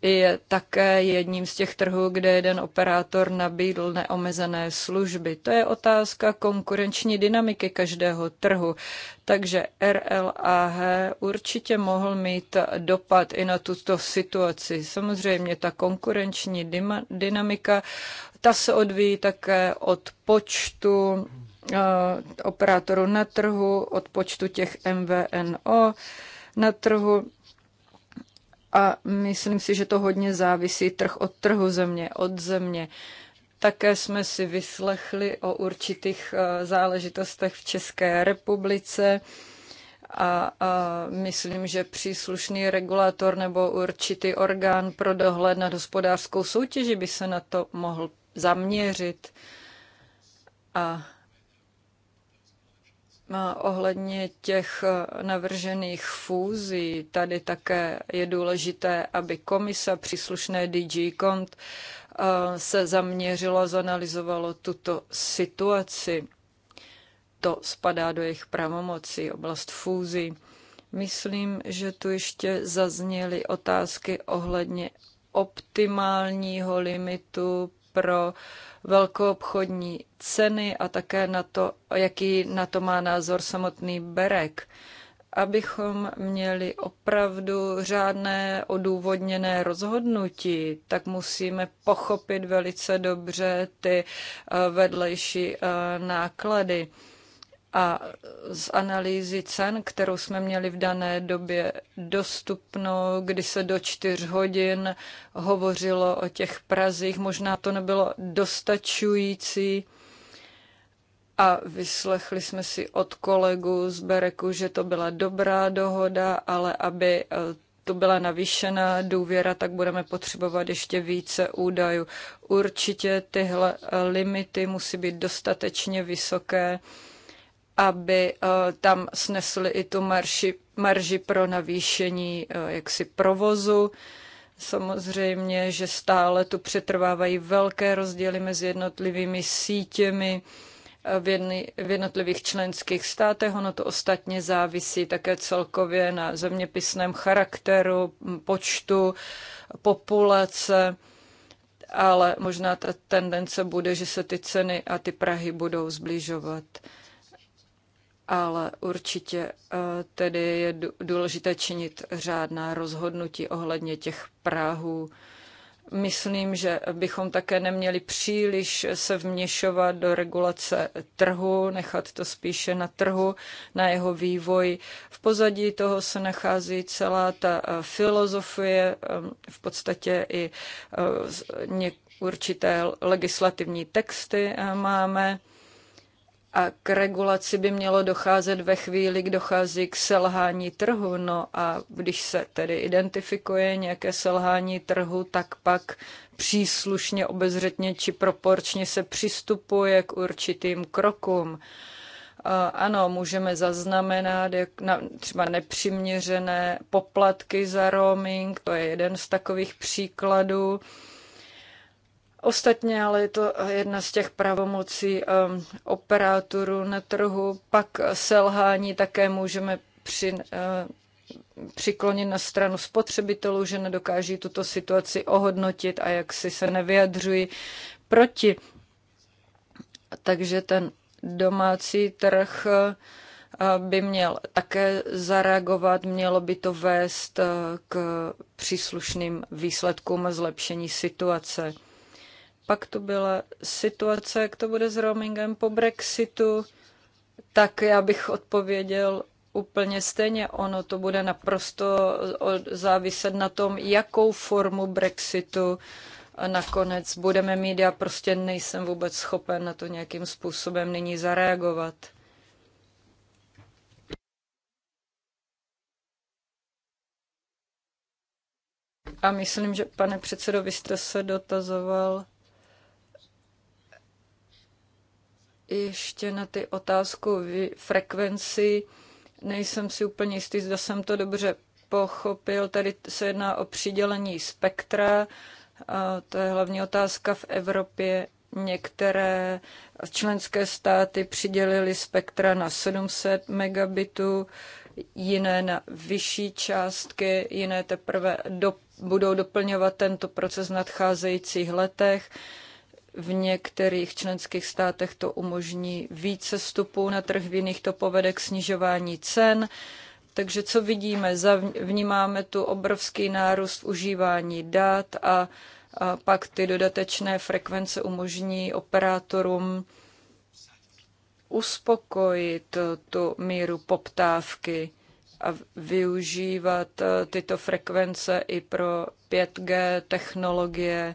je také jedním z těch trhů, kde jeden operátor nabídl neomezené služby. To je otázka konkurenční dynamiky každého trhu. Takže RLAH určitě mohl mít dopad i na tuto situaci. Samozřejmě ta konkurenční dynamika, ta se odvíjí také od počtu eh, operátorů na trhu, od počtu těch MVNO na trhu a myslím si, že to hodně závisí trh od trhu země, od země. Také jsme si vyslechli o určitých eh, záležitostech v České republice a, myslím, že příslušný regulator nebo určitý orgán pro dohled nad hospodářskou soutěži by se na to mohl zaměřit. A Ohledně těch eh, navržených fúzí, tady také je důležité, aby komisa příslušné DG Cont eh, se zaměřilo, zanalizovalo tuto situaci. To spadá do jejich pravomocí, oblast fúzí. Myslím, že tu ještě zazněly otázky ohledně optimálního limitu pro uh, velkoobchodní ceny a také na to, jaký na to má názor samotný Berek abychom měli opravdu řádné odůvodněné rozhodnutí, tak musíme pochopit velice dobře ty eh, vedlejší eh, náklady a z analýzy cen, kterou jsme měli v dané době dostupnou, kdy se do čtyř hodin hovořilo o těch prazích, možná to nebylo dostačující. A vyslechli jsme si od kolegu z Bereku, že to byla dobrá dohoda, ale aby e, to byla navýšená důvěra, tak budeme potřebovat ještě více údajů. Určitě tyhle limity musí být dostatečně vysoké aby eh, tam snesli i tu marži, marži pro navýšení eh, jaksi provozu. Samozřejmě, že stále tu přetrvávají velké rozdíly mezi jednotlivými sítěmi eh, v, jedny, v jednotlivých členských státech. Ono to ostatně závisí také celkově na zeměpisném charakteru, počtu, populace, ale možná ta tendence bude, že se ty ceny a ty Prahy budou zbližovat ale určitě eh, tedy je důležité činit řádná rozhodnutí ohledně těch práhů. Myslím, že bychom také neměli příliš se vměšovat do regulace trhu, nechat to spíše na trhu, na jeho vývoj. V pozadí toho se nachází celá ta eh, filozofie, eh, v podstatě i určité legislativní texty máme a k regulaci by mělo docházet ve chvíli, kdy dochází k selhání trhu. No a když se tedy identifikuje nějaké selhání trhu, tak pak příslušně, obezřetně či proporčně se přistupuje k určitým krokům. Ano, můžeme zaznamenat jak na, třeba nepřiměřené poplatky za roaming, to je jeden z takových příkladů. Ostatně ale je to jedna z těch pravomocí um, operátorů na trhu. Pak selhání také můžeme při, uh, přiklonit na stranu spotřebitelů, že nedokáží tuto situaci ohodnotit a jak si se nevyjadřují proti. Takže ten domácí trh ehm, by měl také zareagovat, mělo by to vést k příslušným výsledkům a zlepšení situace. Pak tu byla situace, jak to bude s roamingem po Brexitu, tak já bych odpověděl úplně stejně. Ono to bude naprosto záviset na tom, jakou formu Brexitu nakonec budeme mít. Já prostě nejsem vůbec schopen na to nějakým způsobem nyní zareagovat. A myslím, že pane předsedo, vy jste se dotazoval ještě na ty otázku frekvenci. Nejsem si úplně jistý, zda jsem to dobře pochopil. Tady se jedná o přidělení spektra. To je hlavní otázka v Evropě. Některé členské státy přidělily spektra na 700 megabitů, jiné na vyšší částky, jiné teprve do, budou doplňovat tento proces v nadcházejících letech. V některých členských státech to umožní více vstupů na trh, v jiných to povede k snižování cen. Takže co vidíme? Vnímáme tu obrovský nárůst užívání dat a, a pak ty dodatečné frekvence umožní operátorům uspokojit tu míru poptávky a využívat eh, tyto frekvence i pro 5G technologie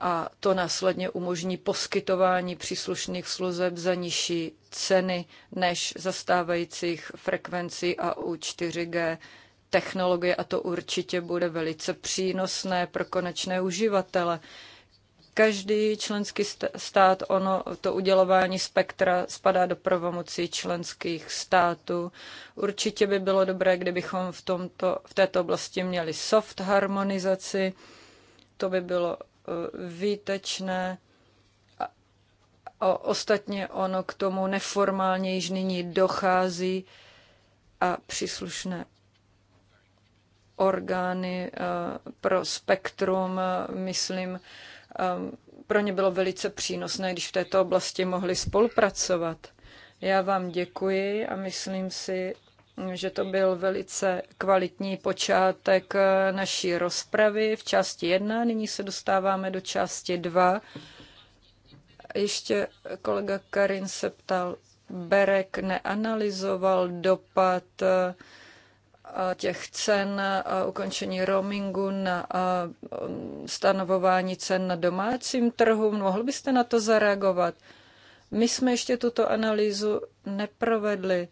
a to následně umožní poskytování příslušných služeb za nižší ceny než za stávajících frekvencí a u 4G technologie a to určitě bude velice přínosné pro konečné uživatele. Každý členský stát, ono, to udělování spektra spadá do pravomocí členských států. Určitě by bylo dobré, kdybychom v, tomto, v této oblasti měli soft harmonizaci, to by bylo Eh, výtečné. A ostatně ono k tomu neformálně již nyní dochází a příslušné orgány eh, pro spektrum, eh, myslím, pro ně bylo velice přínosné, když v této oblasti mohli spolupracovat. Já vám děkuji a myslím si, že to byl velice kvalitní počátek eh, naší rozpravy v části 1. Nyní se dostáváme do části 2. Ještě kolega Karin se ptal, Berek neanalyzoval dopad eh, těch cen a ukončení roamingu na um, stanovování cen na domácím trhu. Mohl byste na to zareagovat? My jsme ještě tuto analýzu neprovedli.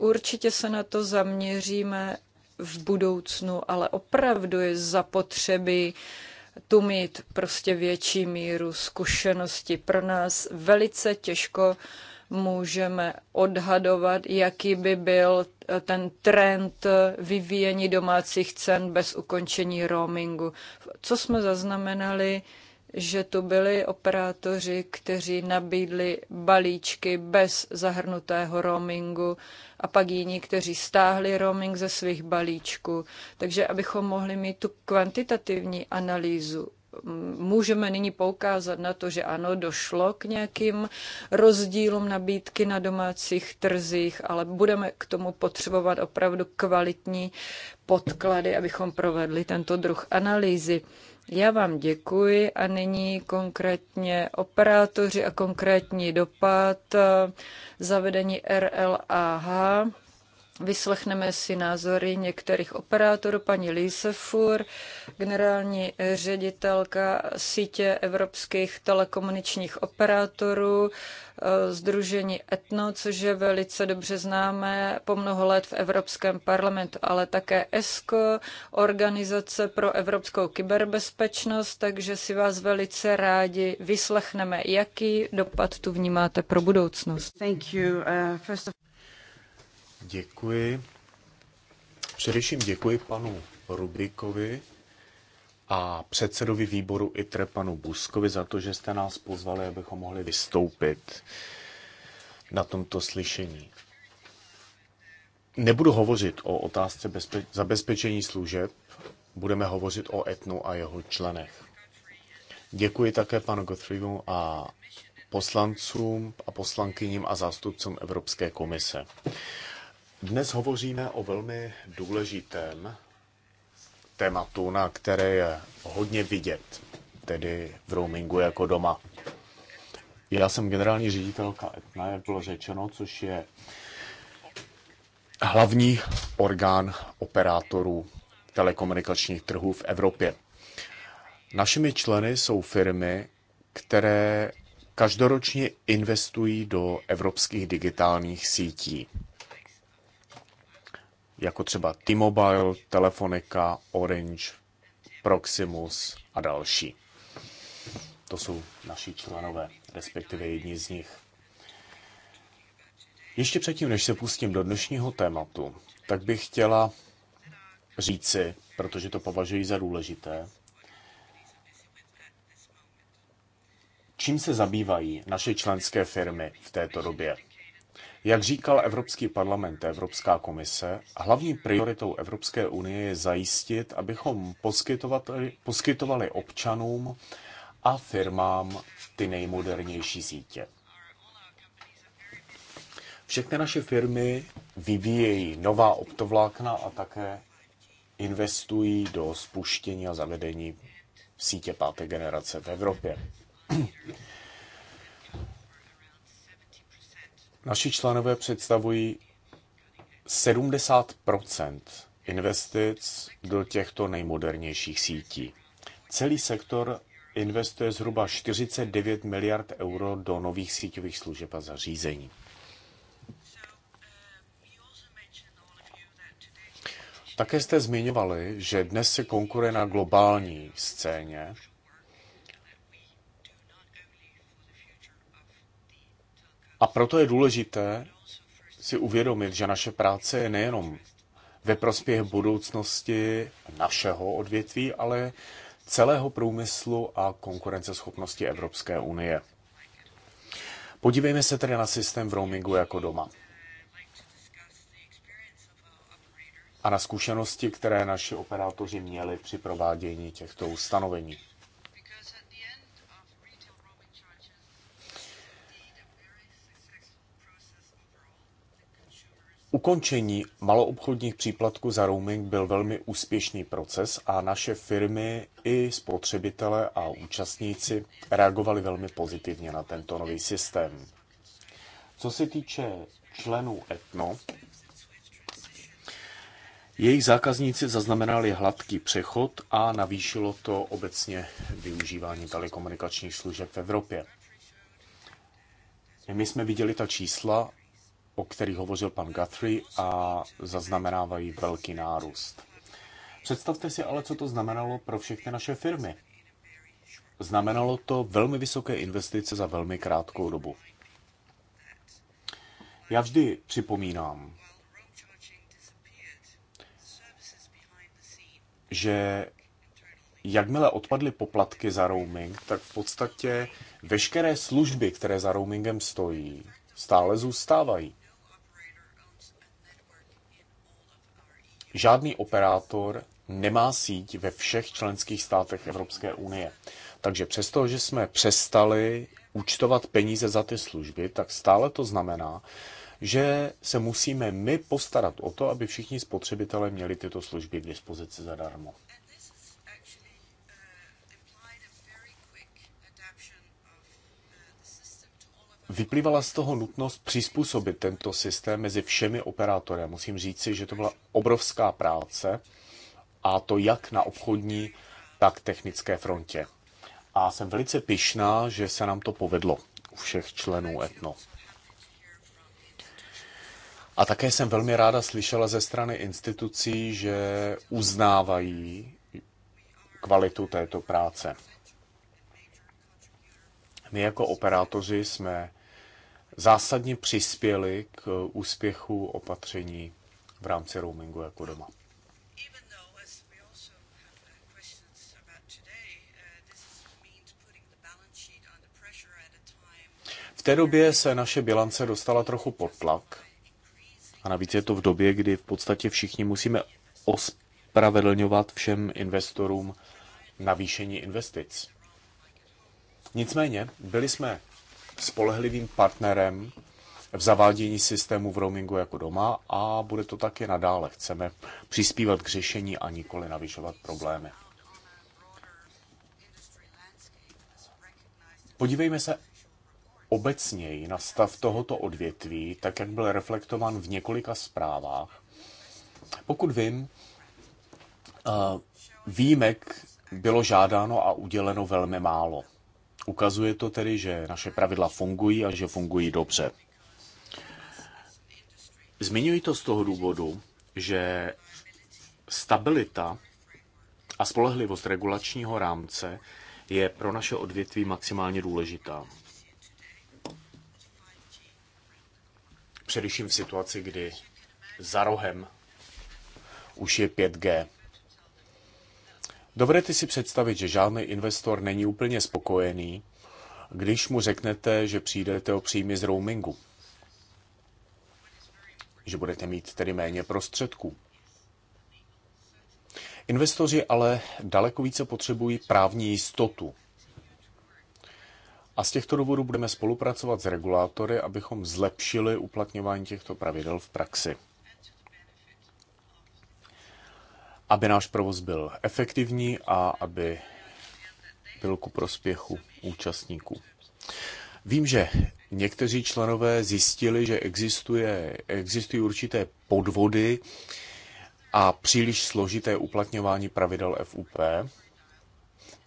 Určitě se na to zaměříme v budoucnu, ale opravdu je zapotřebí tu mít prostě větší míru zkušenosti. Pro nás velice těžko můžeme odhadovat, jaký by byl eh, ten trend vyvíjení domácích cen bez ukončení roamingu. Co jsme zaznamenali že tu byli operátoři, kteří nabídli balíčky bez zahrnutého roamingu a pak jiní, kteří stáhli roaming ze svých balíčků. Takže abychom mohli mít tu kvantitativní analýzu, můžeme nyní poukázat na to, že ano, došlo k nějakým rozdílům nabídky na domácích trzích, ale budeme k tomu potřebovat opravdu kvalitní podklady, abychom provedli tento druh analýzy. Já vám děkuji a nyní konkrétně operátoři a konkrétní dopad eh, zavedení RLAH Vyslechneme si názory některých operátorů, paní Lisefur, generální ředitelka sítě evropských telekomuničních operátorů, Združení eh, Etno, což je velice dobře známé po mnoho let v Evropském parlamentu, ale také ESCO, Organizace pro evropskou kyberbezpečnost, takže si vás velice rádi vyslechneme. Jaký dopad tu vnímáte pro budoucnost? Thank you. Uh, first of... Děkuji. Především děkuji panu Rubikovi a předsedovi výboru ITRE panu Buskovi za to, že jste nás pozvali, abychom mohli vystoupit na tomto slyšení. Nebudu hovořit o otázce bezpe- zabezpečení služeb, budeme hovořit o etnu a jeho členech. Děkuji také panu Gottfriedu a poslancům a poslankyním a zástupcům Evropské komise. Dnes hovoříme o velmi důležitém tématu, na které je hodně vidět, tedy v roamingu jako doma. Já jsem generální ředitelka ETNA, jak bylo řečeno, což je hlavní orgán operátorů telekomunikačních trhů v Evropě. Našimi členy jsou firmy, které každoročně investují do evropských digitálních sítí jako třeba T-Mobile, Telefonica, Orange, Proximus a další. To jsou naši členové, respektive jedni z nich. Ještě předtím, než se pustím do dnešního tématu, tak bych chtěla říci, protože to považuji za důležité, čím se zabývají naše členské firmy v této době. Jak říkal Evropský parlament a Evropská komise, hlavní prioritou Evropské unie je zajistit, abychom poskytovali občanům a firmám ty nejmodernější sítě. Všechny naše firmy vyvíjejí nová optovlákna a také investují do spuštění a zavedení sítě páté generace v Evropě. Naši členové představují 70 investic do těchto nejmodernějších sítí. Celý sektor investuje zhruba 49 miliard euro do nových síťových služeb a zařízení. Také jste zmiňovali, že dnes se konkuruje na globální scéně A proto je důležité si uvědomit, že naše práce je nejenom ve prospěch budoucnosti našeho odvětví, ale celého průmyslu a konkurenceschopnosti Evropské unie. Podívejme se tedy na systém v roamingu jako doma. A na zkušenosti, které naši operátoři měli při provádění těchto ustanovení. Ukončení maloobchodních příplatků za roaming byl velmi úspěšný proces a naše firmy i spotřebitele a účastníci reagovali velmi pozitivně na tento nový systém. Co se týče členů Etno, jejich zákazníci zaznamenali hladký přechod a navýšilo to obecně využívání telekomunikačních služeb v Evropě. My jsme viděli ta čísla o kterých hovořil pan Guthrie a zaznamenávají velký nárůst. Představte si ale, co to znamenalo pro všechny naše firmy. Znamenalo to velmi vysoké investice za velmi krátkou dobu. Já vždy připomínám, že jakmile odpadly poplatky za roaming, tak v podstatě veškeré služby, které za roamingem stojí, stále zůstávají. žádný operátor nemá síť ve všech členských státech Evropské unie. Takže přesto, že jsme přestali účtovat peníze za ty služby, tak stále to znamená, že se musíme my postarat o to, aby všichni spotřebitelé měli tyto služby k dispozici zadarmo. Vyplývala z toho nutnost přizpůsobit tento systém mezi všemi operátory. Musím říci, že to byla obrovská práce a to jak na obchodní, tak technické frontě. A jsem velice pyšná, že se nám to povedlo u všech členů etno. A také jsem velmi ráda slyšela ze strany institucí, že uznávají kvalitu této práce. My jako operátoři jsme zásadně přispěly k eh, úspěchu opatření v rámci roamingu jako doma. Uh, uh, v té době se naše bilance dostala trochu pod tlak a navíc je to v době, kdy v podstatě všichni musíme ospravedlňovat všem investorům navýšení investic. Nicméně byli jsme spolehlivým partnerem v zavádění systému v roamingu jako doma a bude to taky nadále. Chceme přispívat k řešení a nikoli navyšovat problémy. Podívejme se obecněji na stav tohoto odvětví, tak jak byl reflektovan v několika zprávách. Pokud vím, eh, výjimek bylo žádáno a uděleno velmi málo. Ukazuje to tedy, že naše pravidla fungují a že fungují dobře. Zmiňuji to z toho důvodu, že stabilita a spolehlivost regulačního rámce je pro naše odvětví maximálně důležitá. Především v situaci, kdy za rohem už je 5G. Dovedete si představit, že žádný investor není úplně spokojený, když mu řeknete, že přijdete o příjmy z roamingu, že budete mít tedy méně prostředků. Investoři ale daleko více potřebují právní jistotu. A z těchto důvodů budeme spolupracovat s regulátory, abychom zlepšili uplatňování těchto pravidel v praxi. aby náš provoz byl efektivní a aby byl ku prospěchu účastníků. Vím, že někteří členové zjistili, že existuje, existují určité podvody a příliš složité uplatňování pravidel FUP,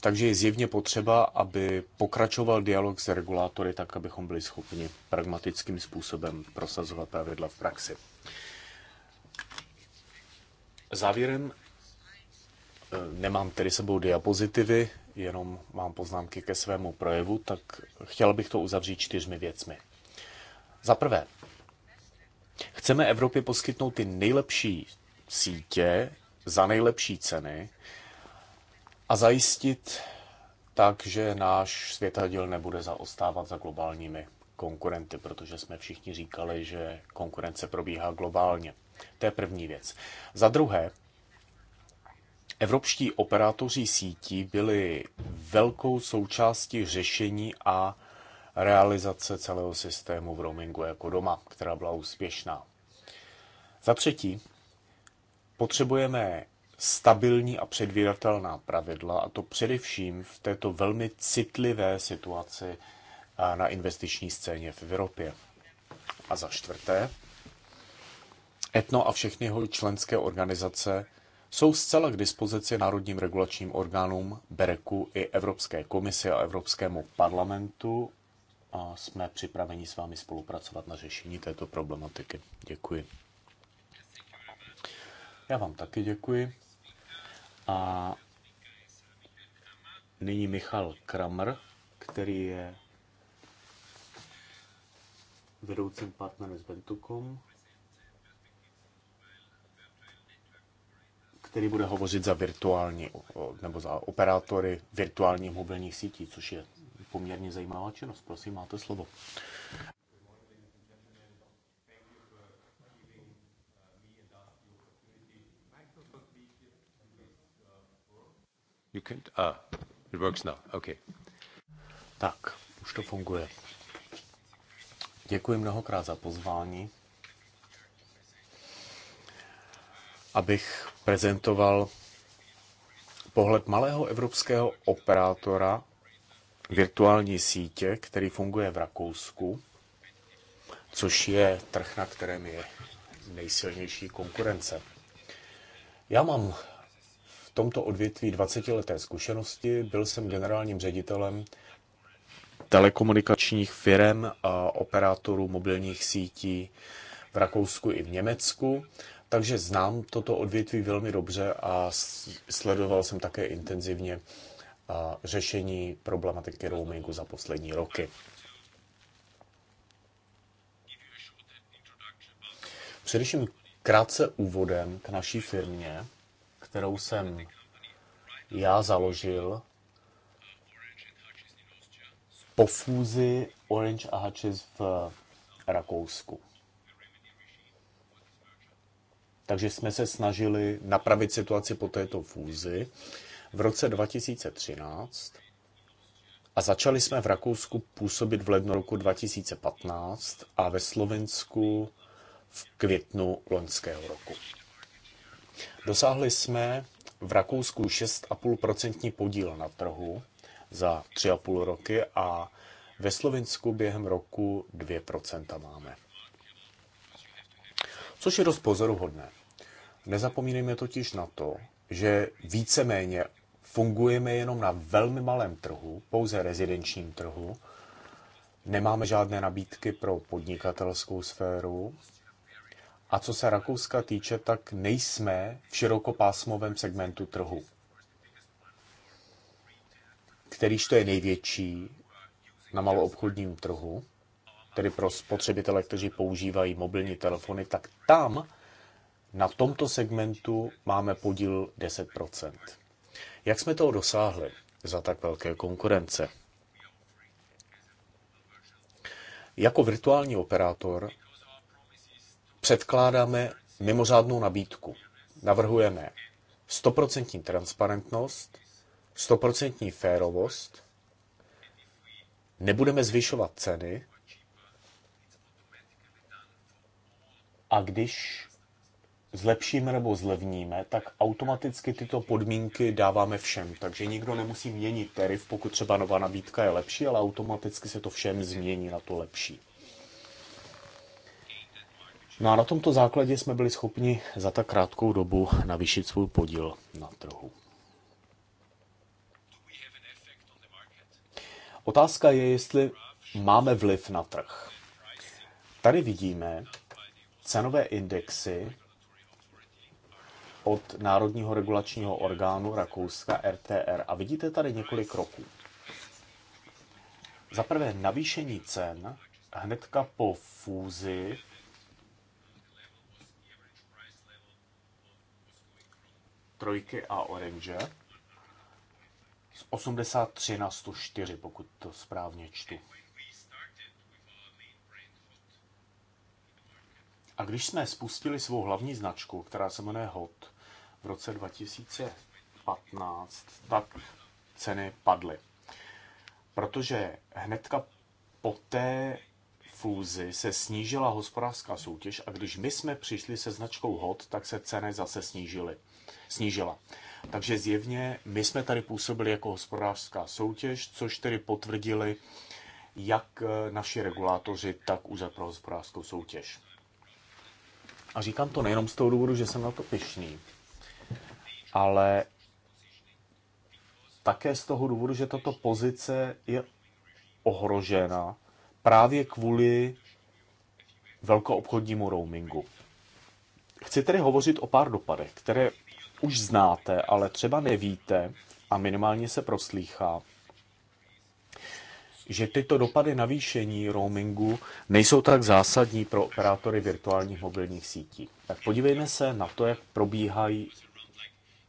takže je zjevně potřeba, aby pokračoval dialog s regulátory tak, abychom byli schopni pragmatickým způsobem prosazovat pravidla v praxi. Závěrem Eh, nemám tedy sebou diapozitivy, jenom mám poznámky ke svému projevu, tak chtěl bych to uzavřít čtyřmi věcmi. Za prvé, chceme Evropě poskytnout ty nejlepší sítě za nejlepší ceny a zajistit tak, že náš světadíl nebude zaostávat za globálními konkurenty, protože jsme všichni říkali, že konkurence probíhá globálně. To je první věc. Za druhé, Evropští operátoři sítí byli velkou součástí řešení a realizace celého systému v roamingu jako doma, která byla úspěšná. Za třetí, potřebujeme stabilní a předvídatelná pravidla, a to především v této velmi citlivé situaci na investiční scéně v Evropě. A za čtvrté, etno a všechny jeho členské organizace jsou zcela k dispozici národním regulačním orgánům BEREKu i Evropské komisi a Evropskému parlamentu a jsme připraveni s vámi spolupracovat na řešení této problematiky. Děkuji. Já vám taky děkuji. A nyní Michal Kramer, který je vedoucím partnerem s Ventukom. který bude hovořit za virtuální nebo za operátory virtuálních mobilních sítí, což je poměrně zajímavá činnost. Prosím, máte slovo. You can, ah, it works now. Okay. Tak, už to funguje. Děkuji mnohokrát za pozvání. abych prezentoval pohled malého evropského operátora virtuální sítě, který funguje v Rakousku, což je trh, na kterém je nejsilnější konkurence. Já mám v tomto odvětví 20 leté zkušenosti, byl jsem generálním ředitelem telekomunikačních firm a operátorů mobilních sítí v Rakousku i v Německu. Takže znám toto odvětví velmi dobře a sledoval jsem také intenzivně řešení problematiky roamingu za poslední roky. Především krátce úvodem k naší firmě, kterou jsem já založil po fúzi Orange a Hutchis v Rakousku takže jsme se snažili napravit situaci po této fúzi v roce 2013 a začali jsme v Rakousku působit v lednu roku 2015 a ve Slovensku v květnu loňského roku. Dosáhli jsme v Rakousku 6,5% podíl na trhu za 3,5 roky a ve Slovensku během roku 2% máme což je dost pozoruhodné. Nezapomínejme totiž na to, že víceméně fungujeme jenom na velmi malém trhu, pouze rezidenčním trhu, nemáme žádné nabídky pro podnikatelskou sféru a co se Rakouska týče, tak nejsme v širokopásmovém segmentu trhu, kterýž to je největší na maloobchodním trhu tedy pro spotřebitele, kteří používají mobilní telefony, tak tam na tomto segmentu máme podíl 10%. Jak jsme toho dosáhli za tak velké konkurence? Jako virtuální operátor předkládáme mimořádnou nabídku. Navrhujeme 100% transparentnost, 100% férovost, nebudeme zvyšovat ceny a když zlepšíme nebo zlevníme, tak automaticky tyto podmínky dáváme všem. Takže nikdo nemusí měnit tarif, pokud třeba nová nabídka je lepší, ale automaticky se to všem změní na to lepší. No a na tomto základě jsme byli schopni za tak krátkou dobu navýšit svůj podíl na trhu. Otázka je, jestli máme vliv na trh. Tady vidíme, cenové indexy od Národního regulačního orgánu Rakouska RTR. A vidíte tady několik kroků. Za prvé navýšení cen hnedka po fúzi trojky a orange z 83 na 104, pokud to správně čtu. A když jsme spustili svou hlavní značku, která se jmenuje Hot, v roce 2015, tak ceny padly. Protože hnedka po té fúzi se snížila hospodářská soutěž a když my jsme přišli se značkou HOT, tak se ceny zase snížily. snížila. Takže zjevně my jsme tady působili jako hospodářská soutěž, což tedy potvrdili jak naši regulátoři, tak Úřad pro hospodářskou soutěž. A říkám to nejenom z toho důvodu, že jsem na to pišný, ale také z toho důvodu, že tato pozice je ohrožena právě kvůli velkoobchodnímu roamingu. Chci tedy hovořit o pár dopadech, které už znáte, ale třeba nevíte a minimálně se proslýchá že tyto dopady navýšení roamingu nejsou tak zásadní pro operátory virtuálních mobilních sítí. Tak podívejme se na to, jak probíhají,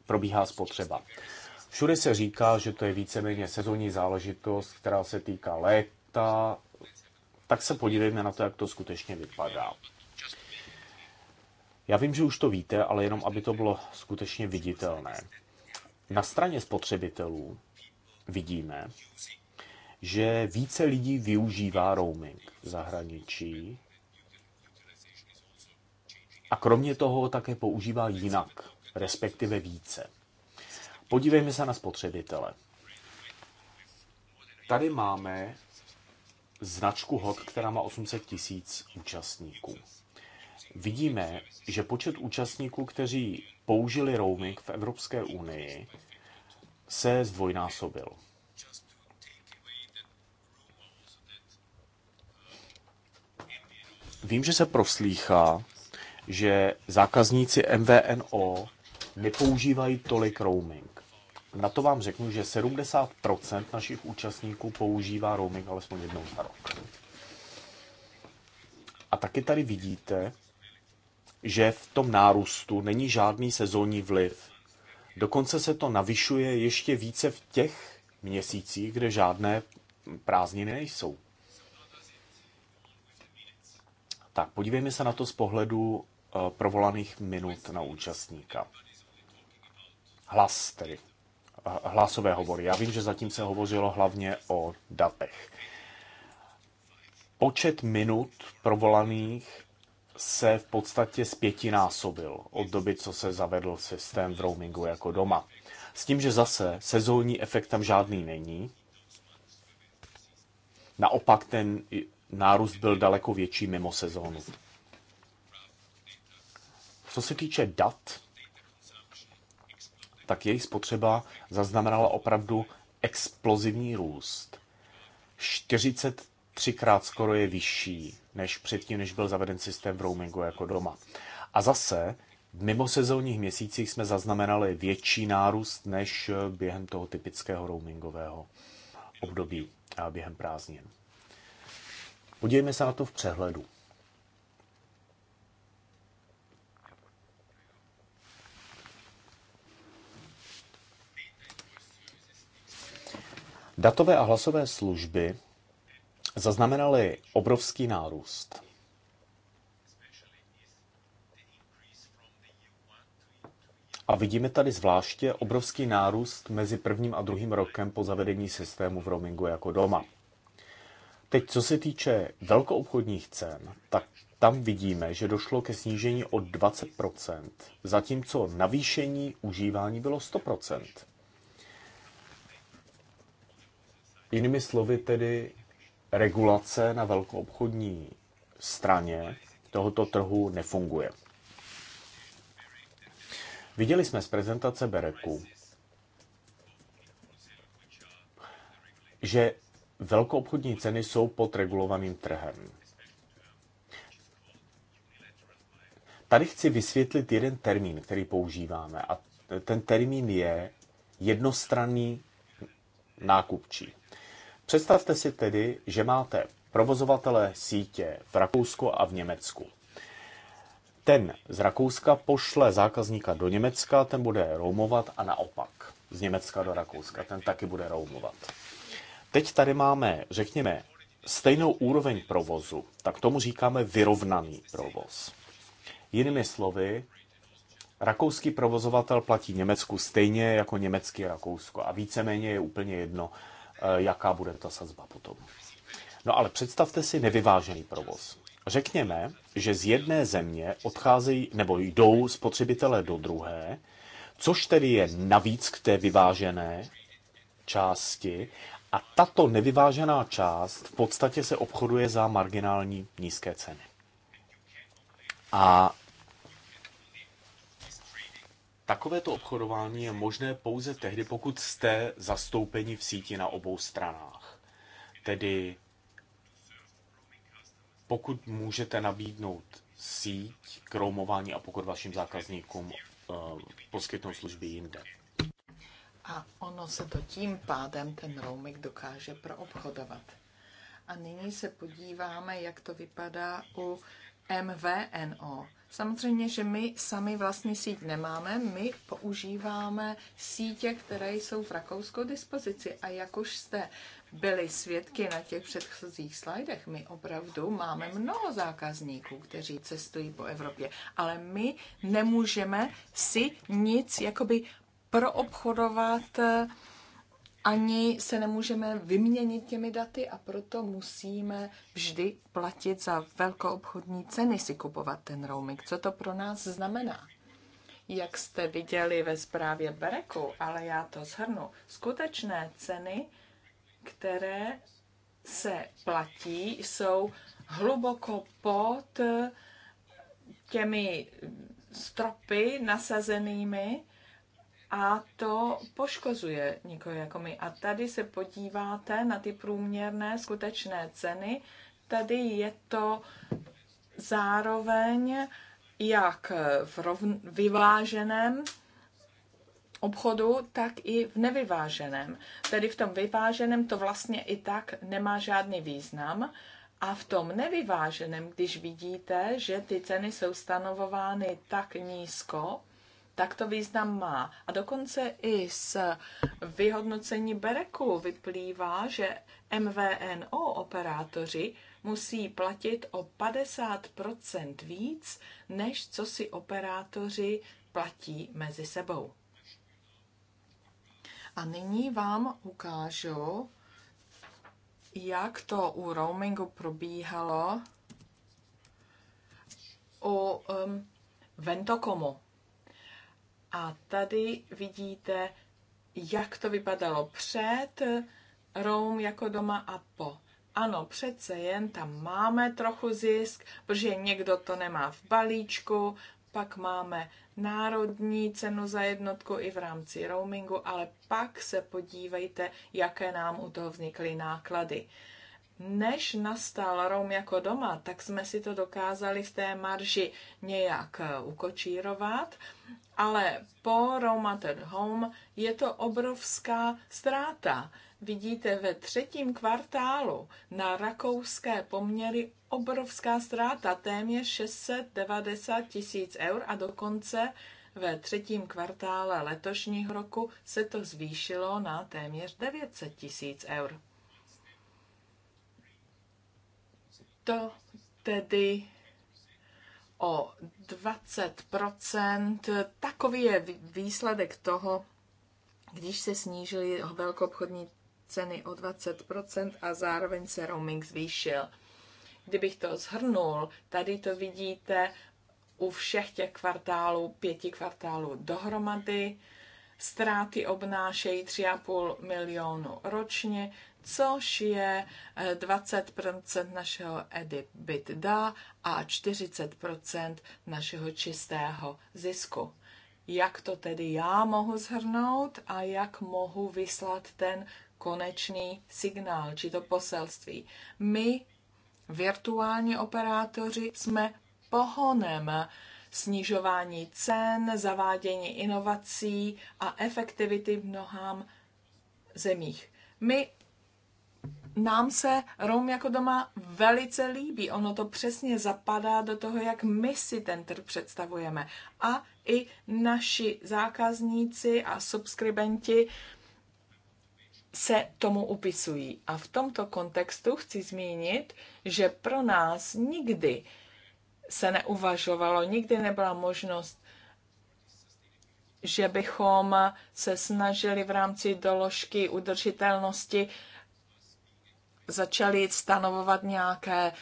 probíhá spotřeba. Všude se říká, že to je víceméně sezónní záležitost, která se týká léta, tak se podívejme na to, jak to skutečně vypadá. Já vím, že už to víte, ale jenom aby to bylo skutečně viditelné. Na straně spotřebitelů vidíme, že více lidí využívá roaming v zahraničí a kromě toho také používá jinak, respektive více. Podívejme se na spotřebitele. Tady máme značku HOT, která má 800 tisíc účastníků. Vidíme, že počet účastníků, kteří použili roaming v Evropské unii, se zdvojnásobil. Vím, že se proslýchá, že zákazníci MVNO nepoužívají tolik roaming. Na to vám řeknu, že 70% našich účastníků používá roaming alespoň jednou za rok. A taky tady vidíte, že v tom nárůstu není žádný sezónní vliv. Dokonce se to navyšuje ještě více v těch měsících, kde žádné prázdniny nejsou. Tak podívejme se na to z pohledu eh, provolaných minut na účastníka. Hlas tedy. Eh, hlasové hovory. Já vím, že zatím se hovořilo hlavně o datech. Počet minut provolaných se v podstatě zpětinásobil od doby, co se zavedl systém v roamingu jako doma. S tím, že zase sezónní efekt tam žádný není. Naopak ten nárůst byl daleko větší mimo sezónu. Co se týče dat, tak jejich spotřeba zaznamenala opravdu explozivní růst. 43krát skoro je vyšší než předtím, než byl zaveden systém v roamingu jako doma. A zase v mimosezónních měsících jsme zaznamenali větší nárůst než během toho typického roamingového období a během prázdnin. Podívejme se na to v přehledu. Datové a hlasové služby zaznamenaly obrovský nárůst. A vidíme tady zvláště obrovský nárůst mezi prvním a druhým rokem po zavedení systému v roamingu jako doma. Teď, co se týče velkoobchodních cen, tak tam vidíme, že došlo ke snížení o 20%, zatímco navýšení užívání bylo 100%. Jinými slovy tedy regulace na velkoobchodní straně tohoto trhu nefunguje. Viděli jsme z prezentace Bereku, že Velkoobchodní ceny jsou pod regulovaným trhem. Tady chci vysvětlit jeden termín, který používáme a ten termín je jednostranný nákupčí. Představte si tedy, že máte provozovatele sítě v Rakousku a v Německu. Ten z Rakouska pošle zákazníka do Německa, ten bude roumovat a naopak. Z Německa do Rakouska, ten taky bude roumovat teď tady máme, řekněme, stejnou úroveň provozu, tak tomu říkáme vyrovnaný provoz. Jinými slovy, rakouský provozovatel platí Německu stejně jako německý Rakousko a víceméně je úplně jedno, eh, jaká bude ta sazba potom. No ale představte si nevyvážený provoz. Řekněme, že z jedné země odcházejí nebo jdou spotřebitelé do druhé, což tedy je navíc k té vyvážené části, a tato nevyvážená část v podstatě se obchoduje za marginální nízké ceny. A takovéto obchodování je možné pouze tehdy, pokud jste zastoupeni v síti na obou stranách. Tedy pokud můžete nabídnout síť k roamování a pokud vašim zákazníkům eh, poskytnou služby jinde. A ono se to tím pádem ten roaming dokáže proobchodovat. A nyní se podíváme, jak to vypadá u MVNO. Samozřejmě, že my sami vlastní síť nemáme, my používáme sítě, které jsou v rakouskou dispozici. A jak už jste byli svědky na těch předchozích slajdech, my opravdu máme mnoho zákazníků, kteří cestují po Evropě, ale my nemůžeme si nic jakoby proobchodovat, eh, ani se nemůžeme vyměnit těmi daty a proto musíme vždy platit za velkoobchodní ceny si kupovat ten roaming. Co to pro nás znamená? Jak jste viděli ve zprávě Bereku, ale já to shrnu, skutečné ceny, které se platí, jsou hluboko pod eh, těmi stropy nasazenými a to poškozuje někoho jako my. A tady se podíváte na ty průměrné skutečné ceny. Tady je to zároveň jak v rovn- vyváženém obchodu, tak i v nevyváženém. Tedy v tom vyváženém to vlastně i tak nemá žádný význam. A v tom nevyváženém, když vidíte, že ty ceny jsou stanovovány tak nízko, tak to význam má. A dokonce i z vyhodnocení Bereku vyplývá, že MVNO operátoři musí platit o 50% víc, než co si operátoři platí mezi sebou. A nyní vám ukážu, jak to u roamingu probíhalo u um, Ventokomu. A tady vidíte, jak to vypadalo před Rome jako doma a po. Ano, přece jen tam máme trochu zisk, protože někdo to nemá v balíčku, pak máme národní cenu za jednotku i v rámci roamingu, ale pak se podívejte, jaké nám u toho vznikly náklady než nastal Rom jako doma, tak jsme si to dokázali v té marži nějak eh, ukočírovat, ale po Rome at Home je to obrovská ztráta. Vidíte ve třetím kvartálu na rakouské poměry obrovská ztráta, téměř 690 tisíc eur a dokonce ve třetím kvartále letošního roku se to zvýšilo na téměř 900 tisíc eur. to tedy o 20%. Takový je výsledek toho, když se snížily velkoobchodní ceny o 20% a zároveň se roaming zvýšil. Kdybych to zhrnul, tady to vidíte u všech těch kvartálů, pěti kvartálů dohromady. Ztráty obnášejí 3,5 milionu ročně, což je 20% eh, našeho EBITDA a 40% našeho čistého zisku. Jak to tedy já mohu zhrnout a jak mohu vyslat ten konečný signál či to poselství? My, virtuální operátoři, jsme pohonem snižování cen, zavádění inovací a efektivity v mnohám zemích. My nám se Rom jako doma velice líbí. Ono to přesně zapadá do toho, jak my si ten trh představujeme. A i naši zákazníci a subskribenti se tomu upisují. A v tomto kontextu chci zmínit, že pro nás nikdy se neuvažovalo, nikdy nebyla možnost, že bychom se snažili v rámci doložky udržitelnosti začali stanovovat nějaké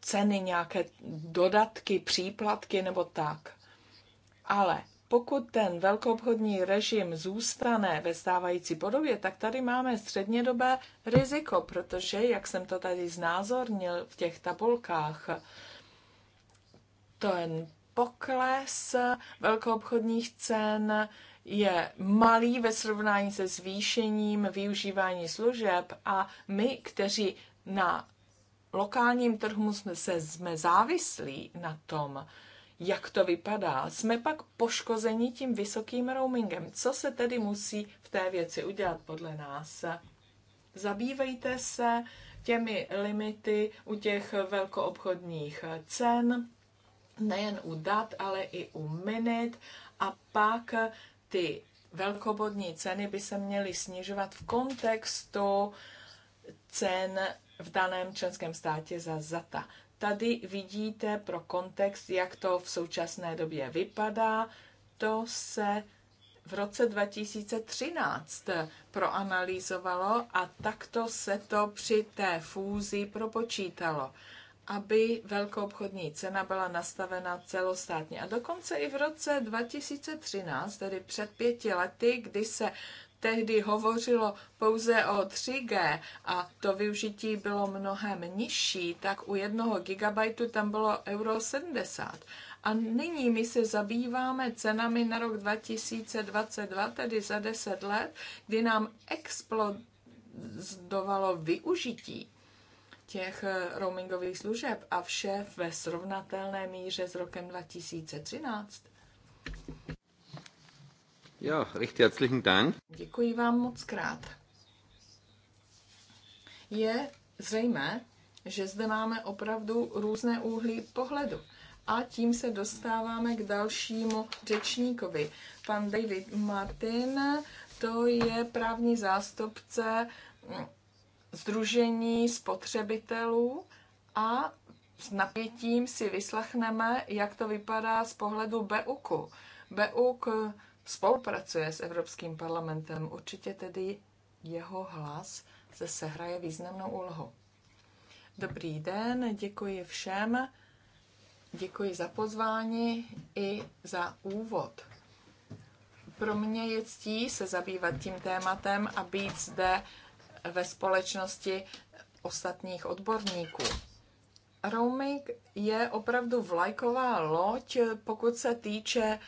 ceny, nějaké dodatky, příplatky nebo tak. Ale pokud ten velkoobchodní režim zůstane ve stávající podobě, tak tady máme střednědobé riziko, protože, jak jsem to tady znázornil v těch tabulkách, ten pokles velkoobchodních cen je malý ve srovnání se zvýšením využívání služeb a my, kteří na lokálním trhu jsme, se, jsme závislí na tom, jak to vypadá, jsme pak poškozeni tím vysokým roamingem. Co se tedy musí v té věci udělat podle nás? Zabývejte se těmi limity u těch velkoobchodních cen, nejen u dat, ale i u minut a pak ty velkobodní ceny by se měly snižovat v kontextu cen v daném členském státě za zata. Tady vidíte pro kontext, jak to v současné době vypadá. To se v roce 2013 proanalýzovalo a takto se to při té fúzi propočítalo aby velkoobchodní cena byla nastavena celostátně. A dokonce i v roce 2013, tedy před pěti lety, kdy se tehdy hovořilo pouze o 3G a to využití bylo mnohem nižší, tak u jednoho gigabajtu tam bylo euro 70. A nyní my se zabýváme cenami na rok 2022, tedy za 10 let, kdy nám explodovalo využití těch eh, roamingových služeb a vše ve srovnatelné míře s rokem 2013. Jo, recht herzlichen Dank. Děkuji vám moc krát. Je zřejmé, že zde máme opravdu různé úhly pohledu. A tím se dostáváme k dalšímu řečníkovi. Pan David Martin, to je právní zástupce mm, Združení spotřebitelů a s napětím si vyslechneme, jak to vypadá z pohledu BUK. BEUK spolupracuje s Evropským parlamentem, určitě tedy jeho hlas se sehraje významnou úlohu. Dobrý den, děkuji všem, děkuji za pozvání i za úvod. Pro mě je ctí se zabývat tím tématem a být zde ve společnosti ostatních odborníků. Roaming je opravdu vlajková loď, pokud se týče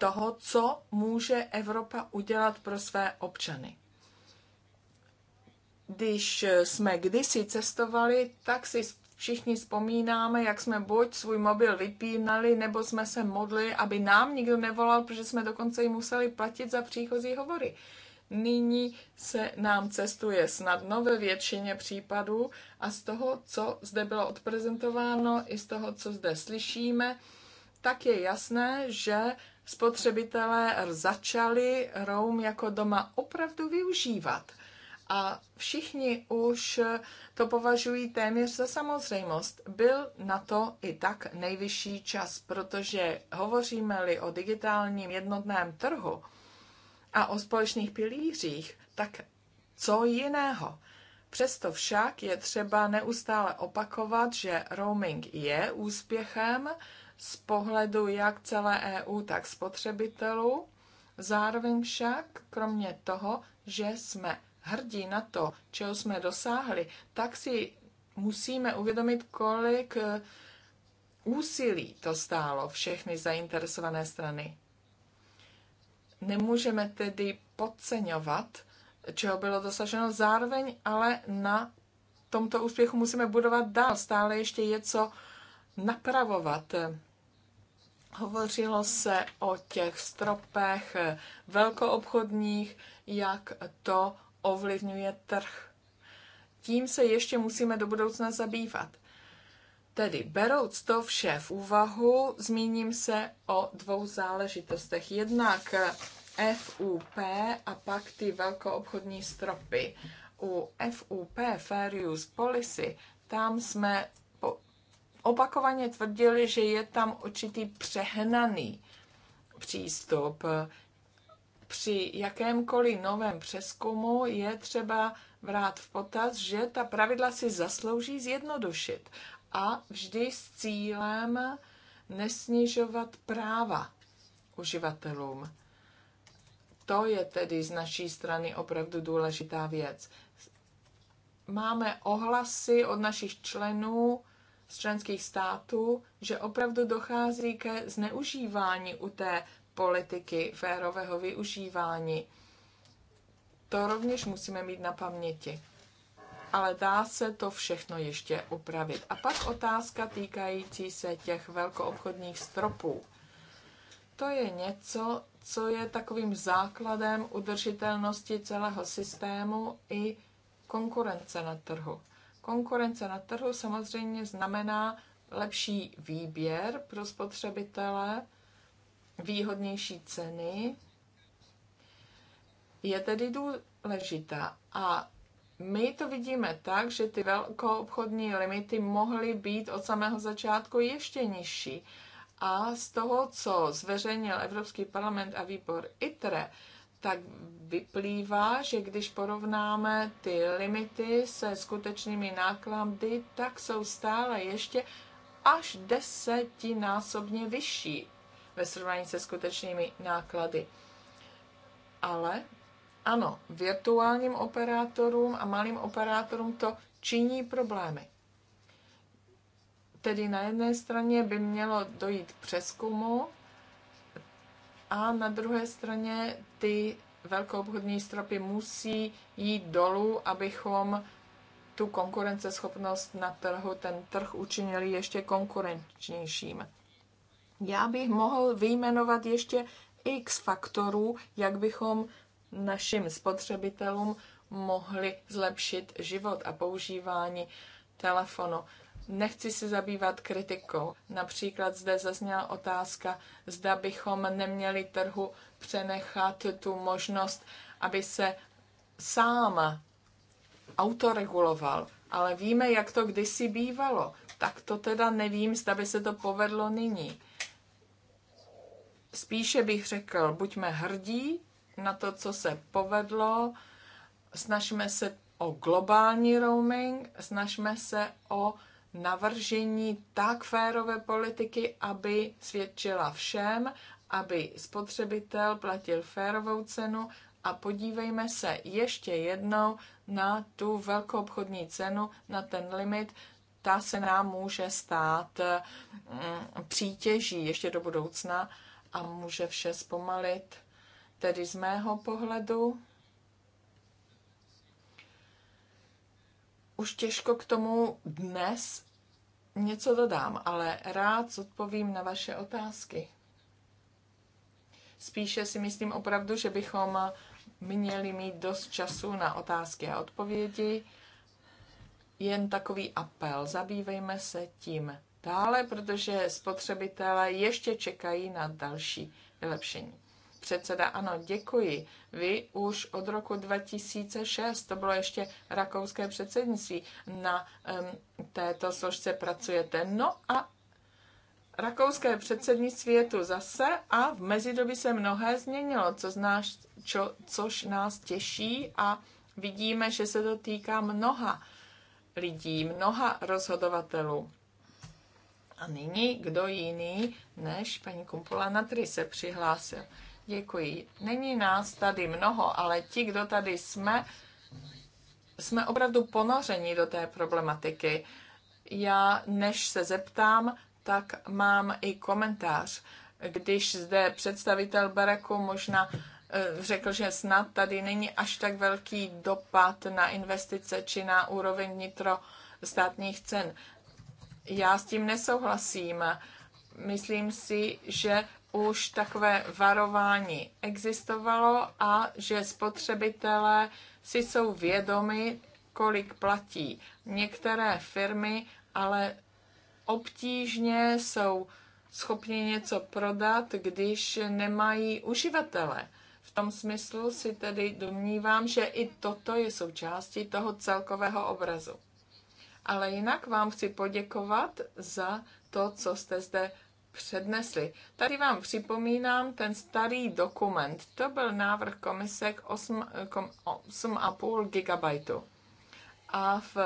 toho, co může Evropa udělat pro své občany. Když jsme kdysi cestovali, tak si všichni vzpomínáme, jak jsme buď svůj mobil vypínali, nebo jsme se modli, aby nám nikdo nevolal, protože jsme dokonce i museli platit za příchozí hovory nyní se nám cestuje snadno ve většině případů a z toho, co zde bylo odprezentováno, i z toho, co zde slyšíme, tak je jasné, že spotřebitelé začali room jako doma opravdu využívat. A všichni už to považují téměř za samozřejmost. Byl na to i tak nejvyšší čas, protože hovoříme-li o digitálním jednotném trhu, a o společných pilířích, tak co jiného? Přesto však je třeba neustále opakovat, že roaming je úspěchem z pohledu jak celé EU, tak spotřebitelů. Zároveň však, kromě toho, že jsme hrdí na to, čeho jsme dosáhli, tak si musíme uvědomit, kolik eh, úsilí to stálo všechny zainteresované strany. Nemůžeme tedy podceňovat, čeho bylo dosaženo, zároveň ale na tomto úspěchu musíme budovat dál. Stále ještě je co napravovat. Hovořilo se o těch stropech velkoobchodních, jak to ovlivňuje trh. Tím se ještě musíme do budoucna zabývat. Tedy berouc to vše v úvahu, zmíním se o dvou záležitostech. Jednak FUP a pak ty velkoobchodní stropy. U FUP, Fair Use Policy, tam jsme opakovaně tvrdili, že je tam určitý přehnaný přístup. Při jakémkoliv novém přeskumu je třeba brát v potaz, že ta pravidla si zaslouží zjednodušit a vždy s cílem nesnižovat práva uživatelům. To je tedy z naší strany opravdu důležitá věc. Máme ohlasy od našich členů z členských států, že opravdu dochází ke zneužívání u té politiky férového využívání. To rovněž musíme mít na paměti ale dá se to všechno ještě upravit. A pak otázka týkající se těch velkoobchodních stropů. To je něco, co je takovým základem udržitelnosti celého systému i konkurence na trhu. Konkurence na trhu samozřejmě znamená lepší výběr pro spotřebitele, výhodnější ceny. Je tedy důležitá a my to vidíme tak, že ty velkoobchodní limity mohly být od samého začátku ještě nižší. A z toho, co zveřejnil Evropský parlament a výbor ITRE, tak vyplývá, že když porovnáme ty limity se skutečnými náklady, tak jsou stále ještě až desetinásobně vyšší ve srovnání se skutečnými náklady. Ale ano, virtuálním operátorům a malým operátorům to činí problémy. Tedy na jedné straně by mělo dojít k přeskumu a na druhé straně ty velkoobchodní stropy musí jít dolů, abychom tu konkurenceschopnost na trhu, ten trh učinili ještě konkurenčnějším. Já bych mohl vyjmenovat ještě x faktorů, jak bychom našim spotřebitelům mohli zlepšit život a používání telefonu. Nechci se zabývat kritikou. Například zde zazněla otázka, zda bychom neměli trhu přenechat tu možnost, aby se sám autoreguloval. Ale víme, jak to kdysi bývalo. Tak to teda nevím, zda by se to povedlo nyní. Spíše bych řekl, buďme hrdí na to, co se povedlo, snažme se o globální roaming, snažme se o navržení tak férové politiky, aby svědčila všem, aby spotřebitel platil férovou cenu a podívejme se ještě jednou na tu velkou obchodní cenu, na ten limit, ta se nám může stát mm, přítěží ještě do budoucna a může vše zpomalit Tedy z mého pohledu už těžko k tomu dnes něco dodám, ale rád zodpovím na vaše otázky. Spíše si myslím opravdu, že bychom měli mít dost času na otázky a odpovědi. Jen takový apel, zabývejme se tím dále, protože spotřebitelé ještě čekají na další vylepšení. Předseda, ano, děkuji. Vy už od roku 2006, to bylo ještě rakouské předsednictví, na um, této složce pracujete. No a rakouské předsednictví je tu zase a v mezidobí se mnohé změnilo, co znáš, čo, což nás těší a vidíme, že se to týká mnoha lidí, mnoha rozhodovatelů. A nyní kdo jiný než paní Kumpula Natry se přihlásil. Děkuji. Není nás tady mnoho, ale ti, kdo tady jsme, jsme opravdu ponořeni do té problematiky. Já, než se zeptám, tak mám i komentář. Když zde představitel Bereku možná eh, řekl, že snad tady není až tak velký dopad na investice či na úroveň vnitrostátních cen. Já s tím nesouhlasím. Myslím si, že už takové varování existovalo a že spotřebitelé si jsou vědomi, kolik platí. Některé firmy ale obtížně jsou schopni něco prodat, když nemají uživatele. V tom smyslu si tedy domnívám, že i toto je součástí toho celkového obrazu. Ale jinak vám chci poděkovat za to, co jste zde přednesli. Tady vám připomínám ten starý dokument. To byl návrh komise k 8,5 GB. A v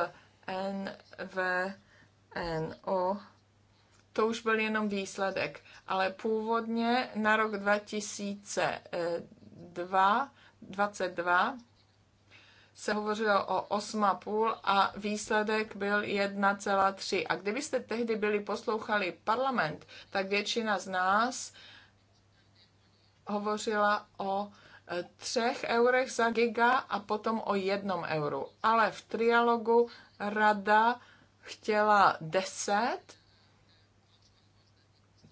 NVNO to už byl jenom výsledek, ale původně na rok 2002 22 se hovořilo o 8,5 a výsledek byl 1,3. A kdybyste tehdy byli poslouchali parlament, tak většina z nás hovořila o e, třech eurech za giga a potom o jednom euru. Ale v trialogu rada chtěla 10,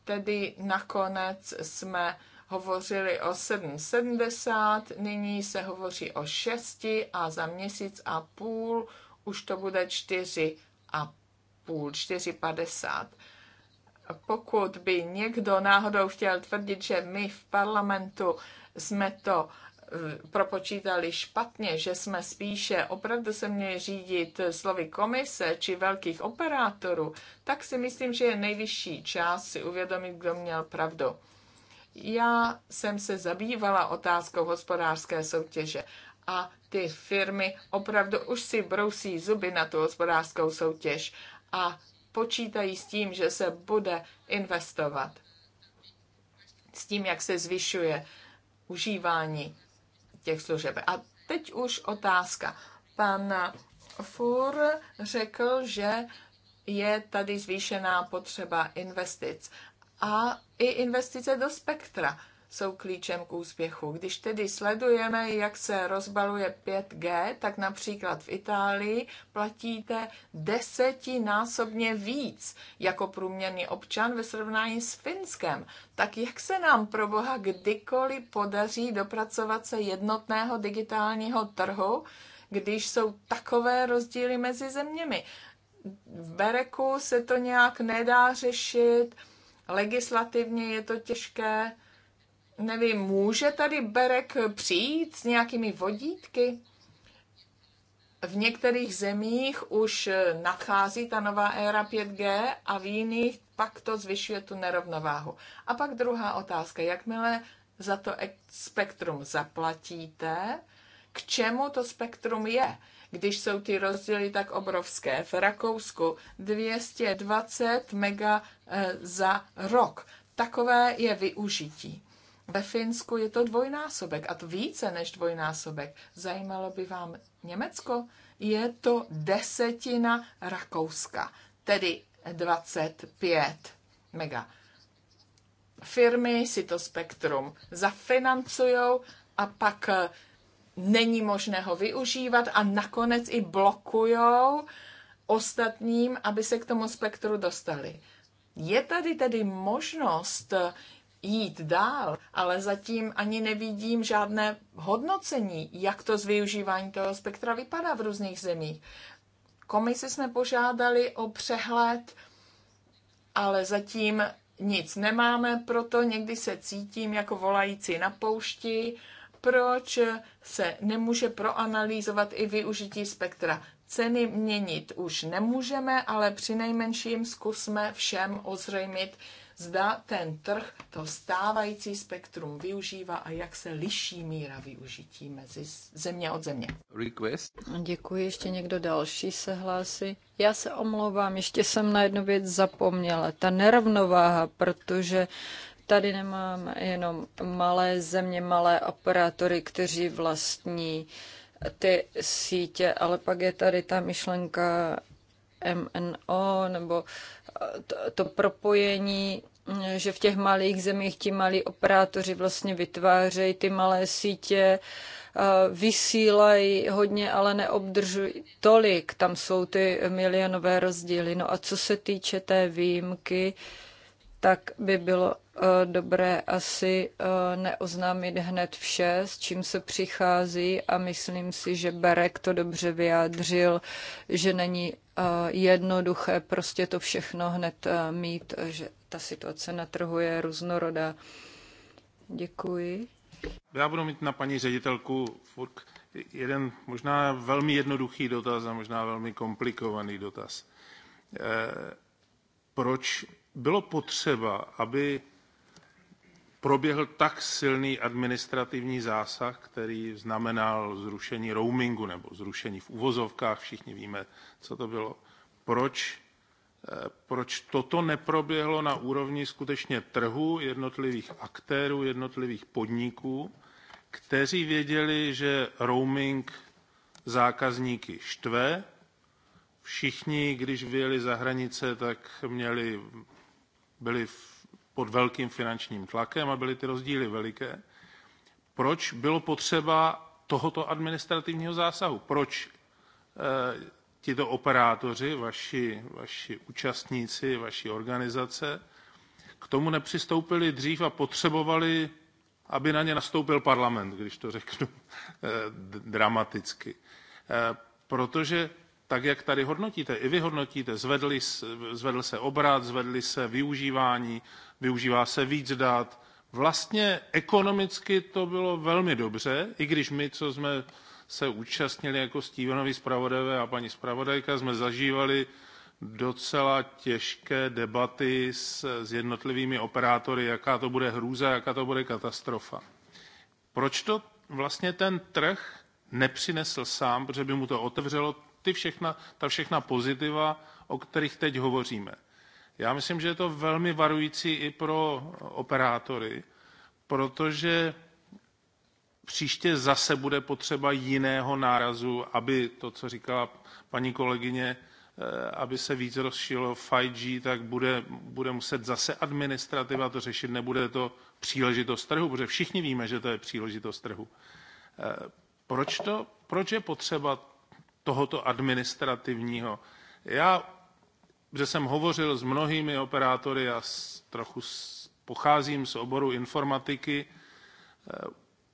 tedy nakonec jsme hovořili o 7,70, nyní se hovoří o 6 a za měsíc a půl už to bude 4 a půl, 4,50. Pokud by někdo náhodou chtěl tvrdit, že my v parlamentu jsme to eh, propočítali špatně, že jsme spíše opravdu se měli řídit slovy komise či velkých operátorů, tak si myslím, že je nejvyšší čas si uvědomit, kdo měl pravdu. Já jsem se zabývala otázkou hospodářské soutěže a ty firmy opravdu už si brousí zuby na tu hospodářskou soutěž a počítají s tím, že se bude investovat. S tím, jak se zvyšuje užívání těch služeb. A teď už otázka. Pan Fur řekl, že je tady zvýšená potřeba investic a i investice do spektra jsou klíčem k úspěchu. Když tedy sledujeme, jak se rozbaluje 5G, tak například v Itálii platíte desetinásobně víc jako průměrný občan ve srovnání s Finskem. Tak jak se nám pro boha kdykoliv podaří dopracovat se jednotného digitálního trhu, když jsou takové rozdíly mezi zeměmi? V Bereku se to nějak nedá řešit, Legislativně je to těžké. Nevím, může tady Berek přijít s nějakými vodítky? V některých zemích už nadchází ta nová éra 5G a v jiných pak to zvyšuje tu nerovnováhu. A pak druhá otázka. Jakmile za to spektrum zaplatíte, k čemu to spektrum je? když jsou ty rozdíly tak obrovské. V Rakousku 220 mega eh, za rok. Takové je využití. Ve Finsku je to dvojnásobek a to více než dvojnásobek. Zajímalo by vám Německo? Je to desetina Rakouska, tedy 25 mega. Firmy si to spektrum zafinancují a pak eh, není možné ho využívat a nakonec i blokujou ostatním, aby se k tomu spektru dostali. Je tady tedy možnost eh, jít dál, ale zatím ani nevidím žádné hodnocení, jak to z využívání toho spektra vypadá v různých zemích. Komisi jsme požádali o přehled, ale zatím nic nemáme, proto někdy se cítím jako volající na poušti, proč se nemůže proanalýzovat i využití spektra. Ceny měnit už nemůžeme, ale při nejmenším zkusme všem ozřejmit, zda ten trh to stávající spektrum využívá a jak se liší míra využití mezi země od země. Request. Děkuji, ještě někdo další se hlásí. Já se omlouvám, ještě jsem na jednu věc zapomněla. Ta nerovnováha, protože Tady nemáme jenom malé země, malé operátory, kteří vlastní ty sítě, ale pak je tady ta myšlenka MNO nebo eh, to, to propojení že v těch malých zemích ti malí operátoři vlastně vytvářejí ty malé sítě, eh, vysílají hodně, ale neobdržují tolik. Tam jsou ty milionové rozdíly. No a co se týče té výjimky, tak by bylo Eh, dobré asi eh, neoznámit hned vše, s čím se přichází a myslím si, že Berek to dobře vyjádřil, že není eh, jednoduché prostě to všechno hned mít, že ta situace na trhu je různorodá. Děkuji. Já budu mít na paní ředitelku Furk jeden možná velmi jednoduchý dotaz a možná velmi komplikovaný dotaz. Proč bylo potřeba, aby proběhl tak silný administrativní zásah, který znamenal zrušení roamingu nebo zrušení v uvozovkách, všichni víme, co to bylo. Proč, eh, proč toto neproběhlo na úrovni skutečně trhu, jednotlivých aktérů, jednotlivých podniků, kteří věděli, že roaming zákazníky štve. Všichni, když vyjeli za hranice, tak měli, byli v pod velkým finančním tlakem a byly ty rozdíly veliké. Proč bylo potřeba tohoto administrativního zásahu? Proč eh, tito operátoři, vaši, vaši účastníci, vaši organizace k tomu nepřistoupili dřív a potřebovali, aby na ně nastoupil parlament, když to řeknu eh, dramaticky. Eh, protože tak, jak tady hodnotíte, i vy hodnotíte, zvedli, zvedl se obrat, zvedli se využívání, využívá se víc dat. Vlastně ekonomicky to bylo velmi dobře, i když my, co jsme se účastnili jako Stevenovi zpravodajové a paní zpravodajka, jsme zažívali docela těžké debaty s, s jednotlivými operátory, jaká to bude hrůza, jaká to bude katastrofa. Proč to vlastně ten trh nepřinesl sám, protože by mu to otevřelo ty všechna, ta všechna pozitiva, o kterých teď hovoříme. Já myslím, že je to velmi varující i pro operátory, protože příště zase bude potřeba jiného nárazu, aby to, co říkala paní kolegyně, eh, aby se víc rozšilo 5G, tak bude, bude muset zase administrativa to řešit, nebude to příležitost trhu, protože všichni víme, že to je příležitost trhu. Eh, proč, to, proč je potřeba tohoto administrativního? Já že jsem hovořil s mnohými operátory a s trochu pocházím z oboru informatiky, e,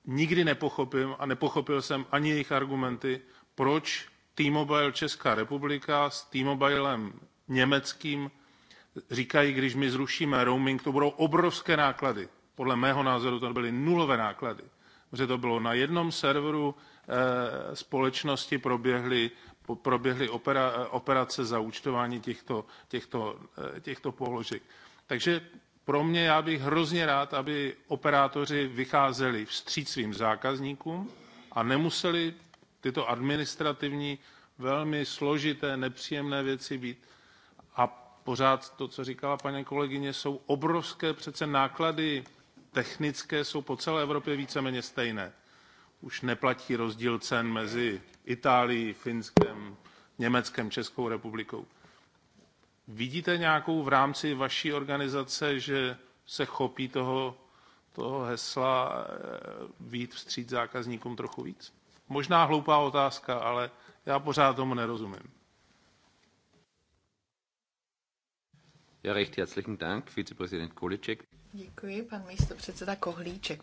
nikdy nepochopím a nepochopil jsem ani jejich argumenty, proč T-Mobile Česká republika s T-Mobilem německým říkají, když my zrušíme roaming, to budou obrovské náklady. Podle mého názoru to byly nulové náklady, protože to bylo na jednom serveru e, společnosti proběhly proběhly opera, operace za účtování těchto, těchto, eh, těchto položek. Takže pro mě já bych hrozně rád, aby operátoři vycházeli vstříc svým zákazníkům a nemuseli tyto administrativní velmi složité, nepříjemné věci být. A pořád to, co říkala paní kolegyně, jsou obrovské přece náklady technické, jsou po celé Evropě víceméně stejné už neplatí rozdíl cen mezi Itálií, Finskem, Německem, Českou republikou. Vidíte nějakou v rámci vaší organizace, že se chopí toho, toho hesla eh, vít vstříc zákazníkům trochu víc? Možná hloupá otázka, ale já pořád tomu nerozumím. Ja, recht herzlichen Dank, Vizepräsident Kolicek. Děkuji, pan místo předseda Kohlíček.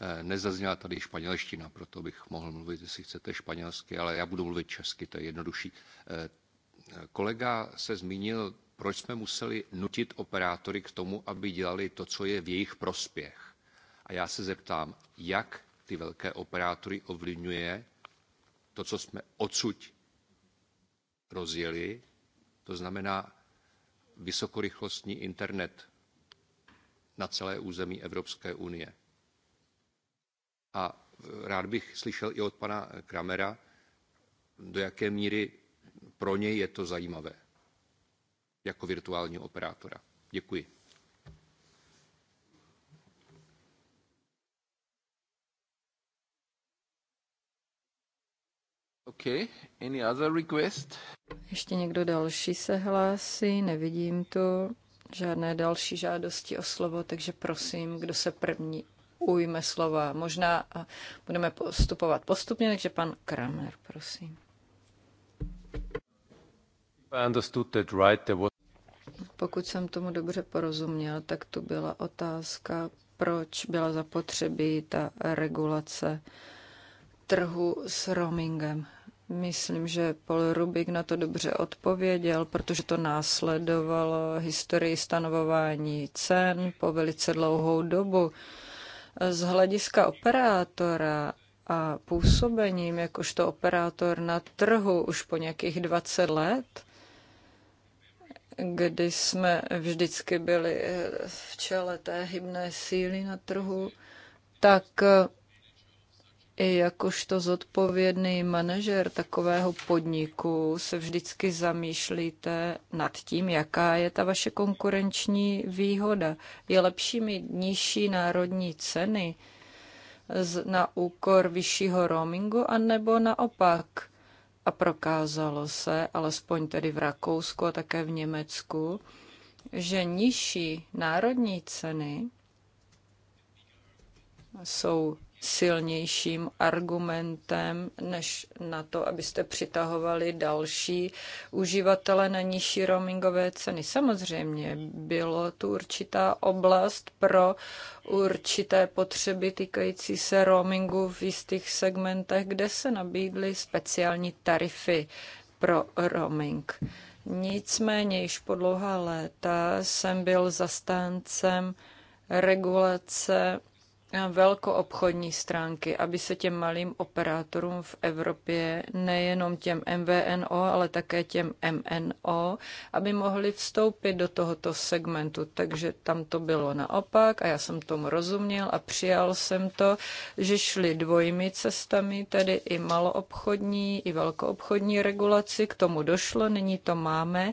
Eh, nezazněla tady španělština, proto bych mohl mluvit, jestli chcete španělsky, ale já budu mluvit česky, to je jednodušší. Eh, kolega se zmínil, proč jsme museli nutit operátory k tomu, aby dělali to, co je v jejich prospěch. A já se zeptám, jak ty velké operátory ovlivňuje to, co jsme odsuť rozjeli, to znamená vysokorychlostní internet na celé území Evropské unie. A rád bych slyšel i od pana Kramera, do jaké míry pro něj je to zajímavé jako virtuálního operátora. Děkuji. Okay. Any other request? Ještě někdo další se hlásí, nevidím to. Žádné další žádosti o slovo, takže prosím, kdo se první ujme slova. Možná eh, budeme postupovat postupně, takže pan Kramer, prosím. Pokud jsem tomu dobře porozuměl, tak tu byla otázka, proč byla zapotřebí ta regulace trhu s roamingem. Myslím, že Paul Rubik na to dobře odpověděl, protože to následovalo historii stanovování cen po velice dlouhou dobu. Z hlediska operátora a působením jakožto operátor na trhu už po nějakých 20 let, kdy jsme vždycky byli v čele té hybné síly na trhu, tak i jakožto zodpovědný manažer takového podniku se vždycky zamýšlíte nad tím, jaká je ta vaše konkurenční výhoda. Je lepší mít nižší národní ceny na úkor vyššího roamingu, anebo naopak? A prokázalo se, alespoň tedy v Rakousku a také v Německu, že nižší národní ceny jsou silnějším argumentem, než na to, abyste přitahovali další uživatele na nižší roamingové ceny. Samozřejmě bylo tu určitá oblast pro určité potřeby týkající se roamingu v jistých segmentech, kde se nabídly speciální tarify pro roaming. Nicméně již po dlouhá léta jsem byl zastáncem regulace velkoobchodní stránky, aby se těm malým operátorům v Evropě, nejenom těm MVNO, ale také těm MNO, aby mohli vstoupit do tohoto segmentu. Takže tam to bylo naopak a já jsem tomu rozuměl a přijal jsem to, že šli dvojmi cestami, tedy i maloobchodní, i velkoobchodní regulaci, k tomu došlo, nyní to máme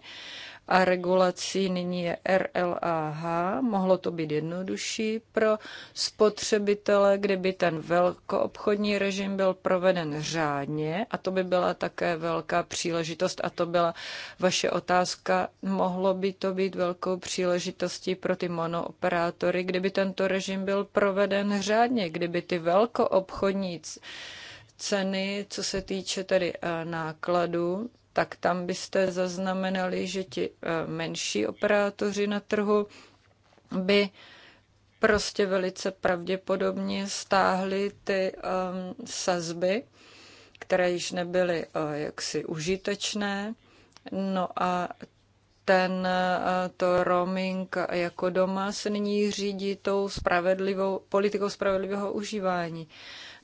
a regulací. Nyní je RLAH. Mohlo to být jednodušší pro spotřebitele, kdyby ten velkoobchodní režim byl proveden řádně a to by byla také velká příležitost a to byla vaše otázka. Mohlo by to být velkou příležitostí pro ty monooperátory, kdyby tento režim byl proveden řádně, kdyby ty velkoobchodní ceny, co se týče tedy eh, nákladů, tak tam byste zaznamenali, že ti eh, menší operátoři na trhu by prostě velice pravděpodobně stáhli ty um, sazby, které již nebyly uh, jaksi užitečné. No a ten eh, to roaming jako doma se nyní řídí tou spravedlivou, politikou spravedlivého užívání.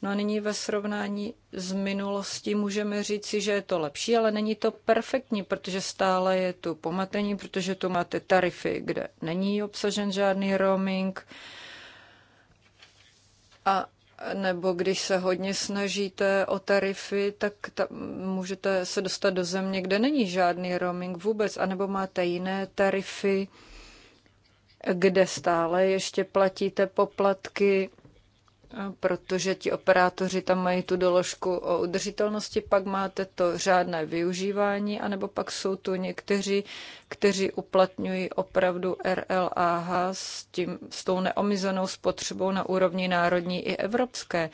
No a nyní ve srovnání s minulostí můžeme říci, že je to lepší, ale není to perfektní, protože stále je tu pomatení, protože tu máte tarify, kde není obsažen žádný roaming. A nebo když se hodně snažíte o tarify, tak ta, můžete se dostat do země, kde není žádný roaming vůbec, anebo máte jiné tarify, kde stále ještě platíte poplatky protože ti operátoři tam mají tu doložku o udržitelnosti, pak máte to řádné využívání, anebo pak jsou tu někteří, kteří uplatňují opravdu RLAH s, tím, s tou neomizenou spotřebou na úrovni národní i evropské.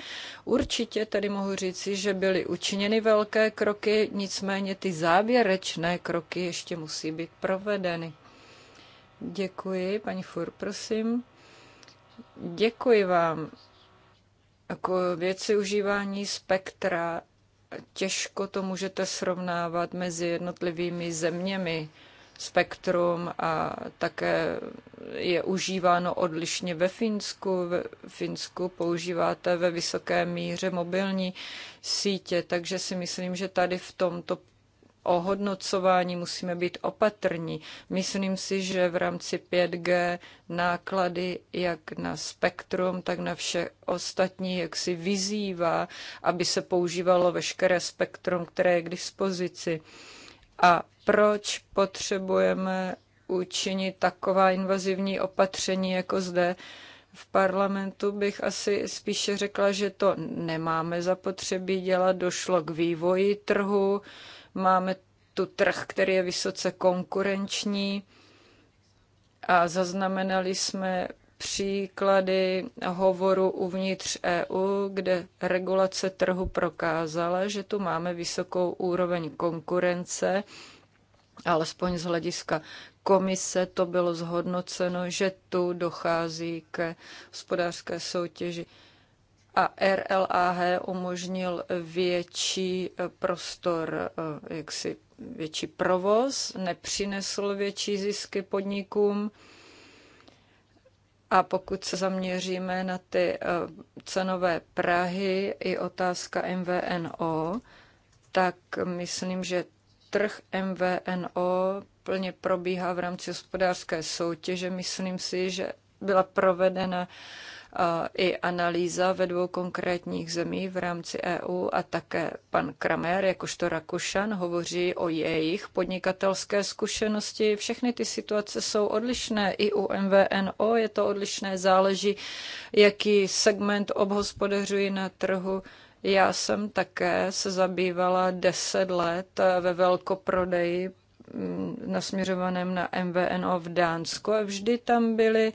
Určitě tedy mohu říci, že byly učiněny velké kroky, nicméně ty závěrečné kroky ještě musí být provedeny. Děkuji, paní Fur, prosím. Děkuji vám jako věci užívání spektra těžko to můžete srovnávat mezi jednotlivými zeměmi. Spektrum a také je užíváno odlišně ve Finsku. V Finsku používáte ve vysoké míře mobilní sítě, takže si myslím, že tady v tomto ohodnocování musíme být opatrní. Myslím si, že v rámci 5G náklady jak na spektrum, tak na vše ostatní, jak si vyzývá, aby se používalo veškeré spektrum, které je k dispozici. A proč potřebujeme učinit taková invazivní opatření jako zde? v parlamentu bych asi spíše řekla, že to nemáme zapotřebí dělat. Došlo k vývoji trhu, Máme tu trh, který je vysoce konkurenční a zaznamenali jsme příklady hovoru uvnitř EU, kde regulace trhu prokázala, že tu máme vysokou úroveň konkurence, alespoň z hlediska komise to bylo zhodnoceno, že tu dochází k hospodářské soutěži a RLAH umožnil větší eh, prostor, eh, jaksi větší provoz, nepřinesl větší zisky podnikům. A pokud se zaměříme na ty eh, cenové Prahy i otázka MVNO, tak myslím, že trh MVNO plně probíhá v rámci hospodářské soutěže. Myslím si, že byla provedena i analýza ve dvou konkrétních zemí v rámci EU a také pan Kramer, jakožto Rakušan, hovoří o jejich podnikatelské zkušenosti. Všechny ty situace jsou odlišné. I u MVNO je to odlišné, záleží, jaký segment obhospodařují na trhu. Já jsem také se zabývala deset let ve velkoprodeji mm, nasměřovaném na MVNO v Dánsku a vždy tam byly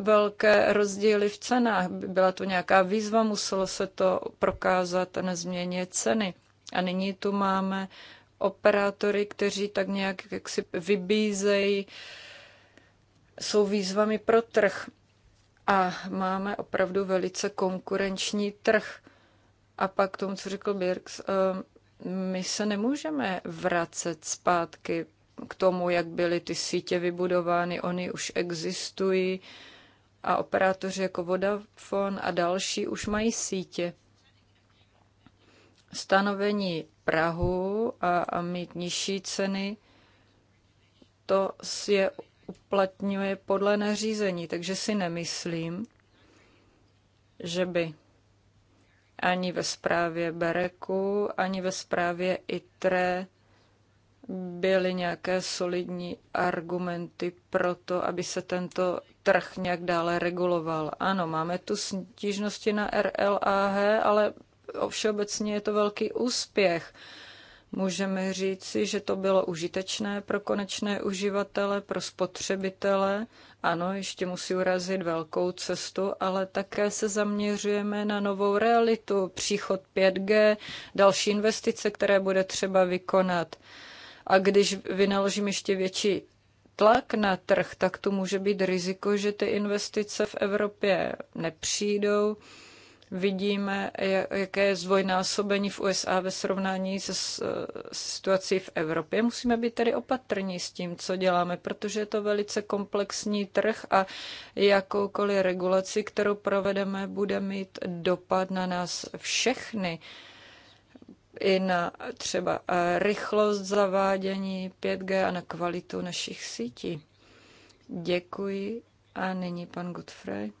velké rozdíly v cenách. Byla to nějaká výzva, muselo se to prokázat na změně ceny. A nyní tu máme operátory, kteří tak nějak jaksi vybízejí, jsou výzvami pro trh. A máme opravdu velice konkurenční trh. A pak k tomu, co řekl Birks, my se nemůžeme vracet zpátky, k tomu, jak byly ty sítě vybudovány, oni už existují a operátoři jako Vodafone a další už mají sítě. Stanovení Prahu a, a mít nižší ceny, to je uplatňuje podle nařízení, takže si nemyslím, že by ani ve zprávě Bereku, ani ve zprávě ITRE byly nějaké solidní argumenty pro to, aby se tento trh nějak dále reguloval. Ano, máme tu stížnosti na RLAH, ale všeobecně je to velký úspěch. Můžeme říci, že to bylo užitečné pro konečné uživatele, pro spotřebitele. Ano, ještě musí urazit velkou cestu, ale také se zaměřujeme na novou realitu, příchod 5G, další investice, které bude třeba vykonat. A když vynaložím ještě větší tlak na trh, tak tu může být riziko, že ty investice v Evropě nepřijdou. Vidíme, jaké je zvojnásobení v USA ve srovnání eh, se situací v Evropě. Musíme být tedy opatrní s tím, co děláme, protože je to velice komplexní trh a jakoukoliv regulaci, kterou provedeme, bude mít dopad na nás všechny i na třeba eh, rychlost zavádění 5G a na kvalitu našich sítí. Děkuji a nyní pan Godfrey.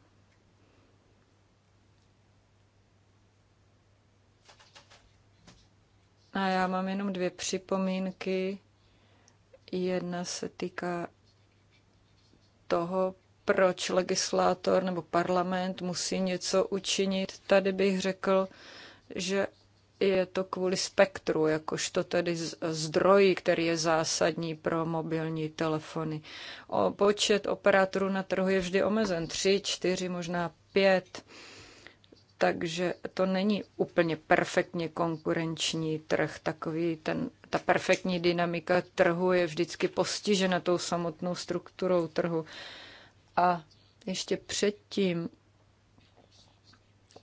A já mám jenom dvě připomínky. Jedna se týká toho, proč legislátor nebo parlament musí něco učinit. Tady bych řekl, že je to kvůli spektru, jakožto tedy zdroji, který je zásadní pro mobilní telefony. O počet operátorů na trhu je vždy omezen, tři, čtyři, možná pět, takže to není úplně perfektně konkurenční trh. Takový ten, ta perfektní dynamika trhu je vždycky postižena tou samotnou strukturou trhu. A ještě předtím,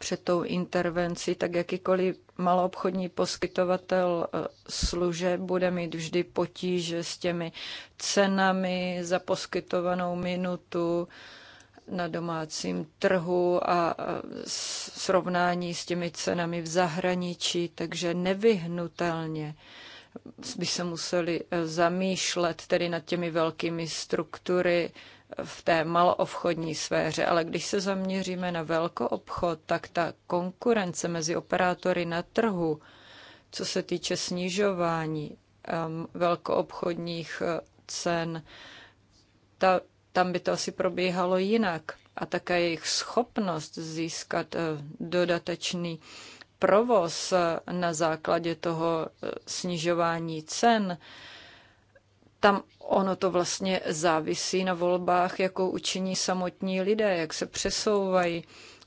před tou intervencí, tak jakýkoliv maloobchodní poskytovatel e, služeb bude mít vždy potíže s těmi cenami za poskytovanou minutu na domácím trhu a e, srovnání s těmi cenami v zahraničí, takže nevyhnutelně by se museli e, zamýšlet tedy nad těmi velkými struktury, v té maloobchodní sféře, ale když se zaměříme na velkoobchod, tak ta konkurence mezi operátory na trhu, co se týče snižování velkoobchodních eh, cen, ta, tam by to asi probíhalo jinak. A také jejich schopnost získat eh, dodatečný provoz eh, na základě toho snižování cen, tam ono to vlastně závisí na volbách, jakou učiní samotní lidé, jak se přesouvají.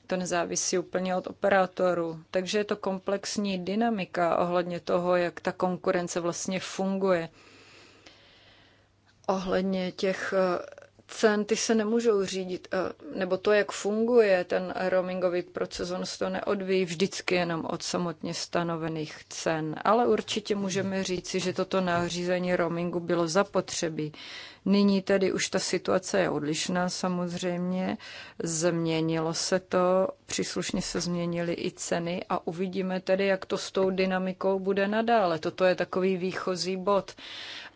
To nezávisí úplně od operátorů. Takže je to komplexní dynamika ohledně toho, jak ta konkurence vlastně funguje. Ohledně těch eh, cen, ty se nemůžou řídit, eh, nebo to, jak funguje ten roamingový proces, on se to neodvíjí vždycky jenom od samotně stanovených cen. Ale určitě můžeme říci, že toto nařízení roamingu bylo zapotřebí. Nyní tedy už ta situace je odlišná samozřejmě, změnilo se to, příslušně se změnily i ceny a uvidíme tedy, jak to s tou dynamikou bude nadále. Toto je takový výchozí bod.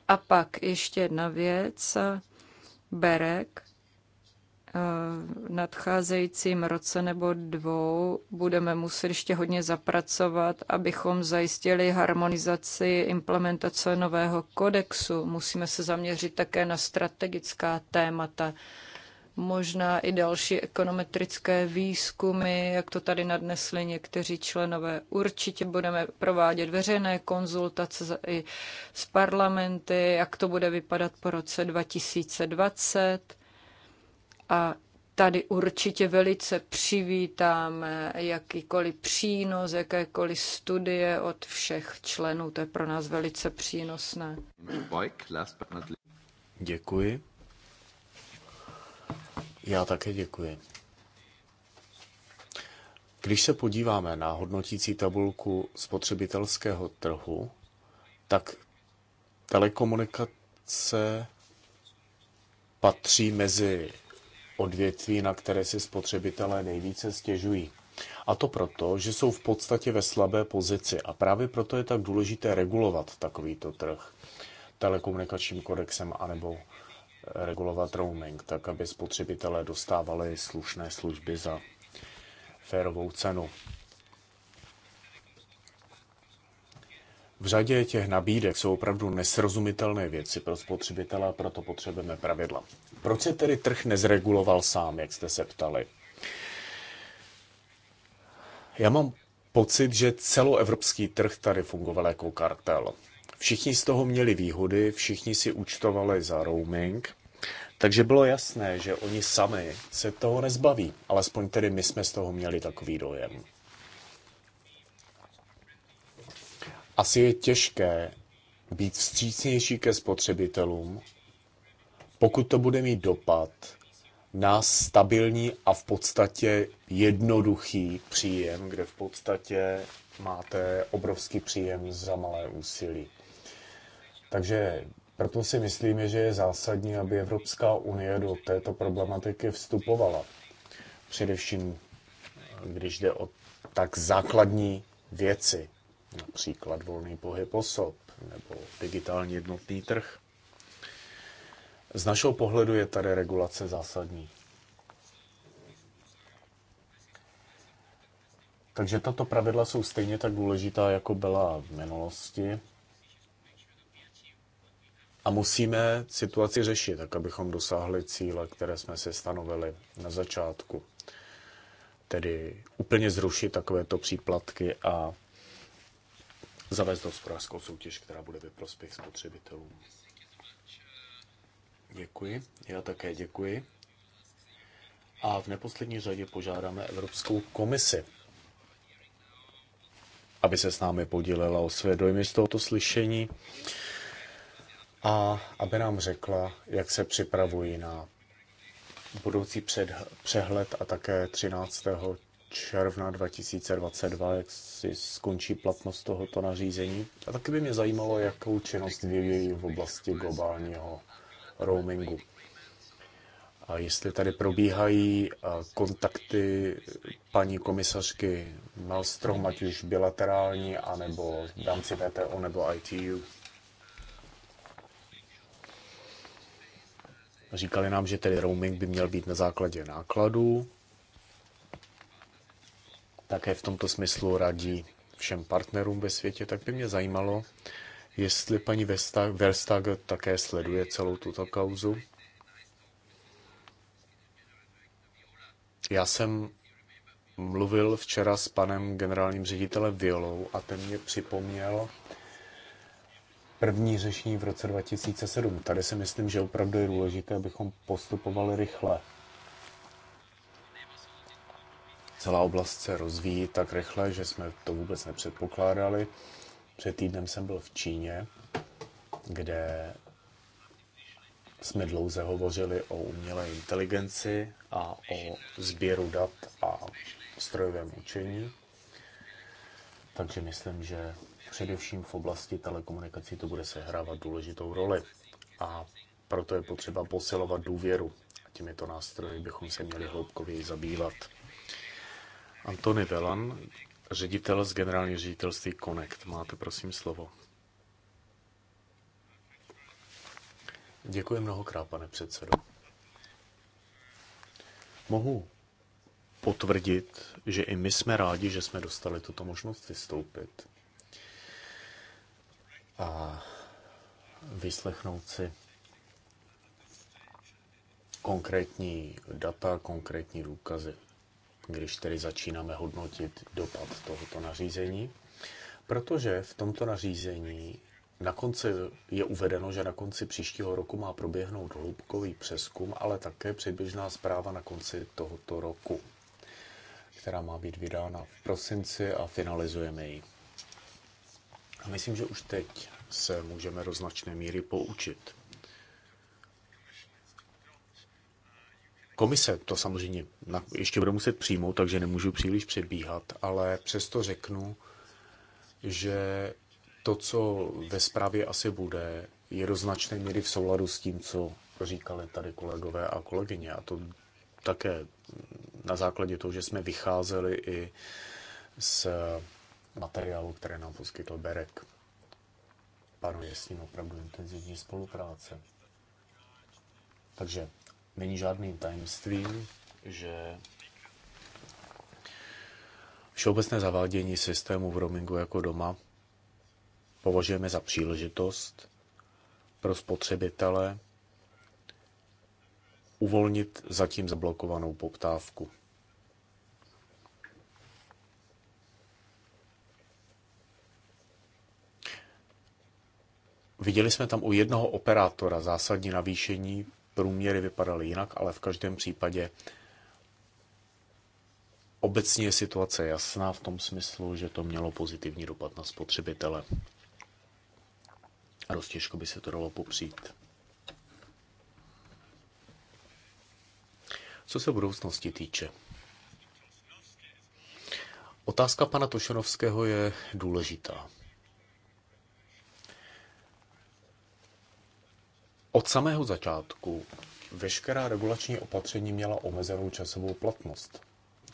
A pak ještě jedna věc. Berek eh, v nadcházejícím roce nebo dvou budeme muset ještě hodně zapracovat, abychom zajistili harmonizaci implementace nového kodexu. Musíme se zaměřit také na strategická témata možná i další ekonometrické výzkumy, jak to tady nadnesli někteří členové. Určitě budeme provádět veřejné konzultace i s parlamenty, jak to bude vypadat po roce 2020. A tady určitě velice přivítáme jakýkoliv přínos, jakékoliv studie od všech členů. To je pro nás velice přínosné. Děkuji. Já také děkuji. Když se podíváme na hodnotící tabulku spotřebitelského trhu, tak telekomunikace patří mezi odvětví, na které si spotřebitelé nejvíce stěžují. A to proto, že jsou v podstatě ve slabé pozici a právě proto je tak důležité regulovat takovýto trh telekomunikačním kodexem anebo regulovat roaming, tak aby spotřebitelé dostávali slušné služby za férovou cenu. V řadě těch nabídek jsou opravdu nesrozumitelné věci pro spotřebitele a proto potřebujeme pravidla. Proč se tedy trh nezreguloval sám, jak jste se ptali? Já mám pocit, že celoevropský trh tady fungoval jako kartel. Všichni z toho měli výhody, všichni si účtovali za roaming takže bylo jasné, že oni sami se toho nezbaví. Alespoň tedy my jsme z toho měli takový dojem. Asi je těžké být vstřícnější ke spotřebitelům, pokud to bude mít dopad na stabilní a v podstatě jednoduchý příjem, kde v podstatě máte obrovský příjem za malé úsilí. Takže proto si myslíme, že je zásadní, aby Evropská unie do této problematiky vstupovala. Především, když jde o tak základní věci, například volný pohyb osob nebo digitální jednotný trh. Z našeho pohledu je tady regulace zásadní. Takže tato pravidla jsou stejně tak důležitá, jako byla v minulosti. A musíme situaci řešit, tak abychom dosáhli cíle, které jsme si stanovili na začátku. Tedy úplně zrušit takovéto příplatky a zavést hospodářskou soutěž, která bude ve prospěch spotřebitelů. Děkuji. Já také děkuji. A v neposlední řadě požádáme Evropskou komisi, aby se s námi podílela o své dojmy z tohoto slyšení a aby nám řekla, jak se připravují na budoucí přehled a také 13. června 2022, jak si skončí platnost tohoto nařízení. A taky by mě zajímalo, jakou činnost vyvíjí v oblasti globálního roamingu. A jestli tady probíhají kontakty paní komisařky Malstrom, ať už bilaterální, anebo v rámci VTO nebo ITU. Říkali nám, že tedy roaming by měl být na základě nákladů. Také v tomto smyslu radí všem partnerům ve světě, tak by mě zajímalo, jestli paní Verstag také sleduje celou tuto kauzu. Já jsem mluvil včera s panem generálním ředitelem Violou a ten mě připomněl, První řešení v roce 2007. tady si myslím, že opravdu je důležité, abychom postupovali rychle. Celá oblast se rozvíjí tak rychle, že jsme to vůbec nepředpokládali. Před týdnem jsem byl v Číně, kde jsme dlouze hovořili o umělé inteligenci a o sběru dat a strojovém učení. Takže myslím, že Především v oblasti telekomunikací to bude sehrávat důležitou roli a proto je potřeba posilovat důvěru. A těmito nástroji bychom se měli hloubkověji zabývat. Antony Velan, ředitel z generální ředitelství Connect. Máte prosím slovo. Děkuji mnohokrát, pane předsedo. Mohu potvrdit, že i my jsme rádi, že jsme dostali tuto možnost vystoupit a vyslechnout si konkrétní data, konkrétní důkazy, když tedy začínáme hodnotit dopad tohoto nařízení. Protože v tomto nařízení na konci je uvedeno, že na konci příštího roku má proběhnout hloubkový přeskum, ale také předběžná zpráva na konci tohoto roku, která má být vydána v prosinci a finalizujeme ji a myslím, že už teď se můžeme do značné míry poučit. Komise to samozřejmě ještě bude muset přijmout, takže nemůžu příliš předbíhat, ale přesto řeknu, že to, co ve zprávě asi bude, je do značné míry v souladu s tím, co říkali tady kolegové a kolegyně. A to také na základě toho, že jsme vycházeli i z materiálu, které nám poskytl Berek. Panuje s ním opravdu intenzivní spolupráce. Takže není žádným tajemstvím, že všeobecné zavádění systému v roamingu jako doma považujeme za příležitost pro spotřebitele uvolnit zatím zablokovanou poptávku. Viděli jsme tam u jednoho operátora zásadní navýšení, průměry vypadaly jinak, ale v každém případě obecně je situace jasná v tom smyslu, že to mělo pozitivní dopad na spotřebitele. A dost těžko by se to dalo popřít. Co se budoucnosti týče. Otázka pana Tošanovského je důležitá. Od samého začátku veškerá regulační opatření měla omezenou časovou platnost.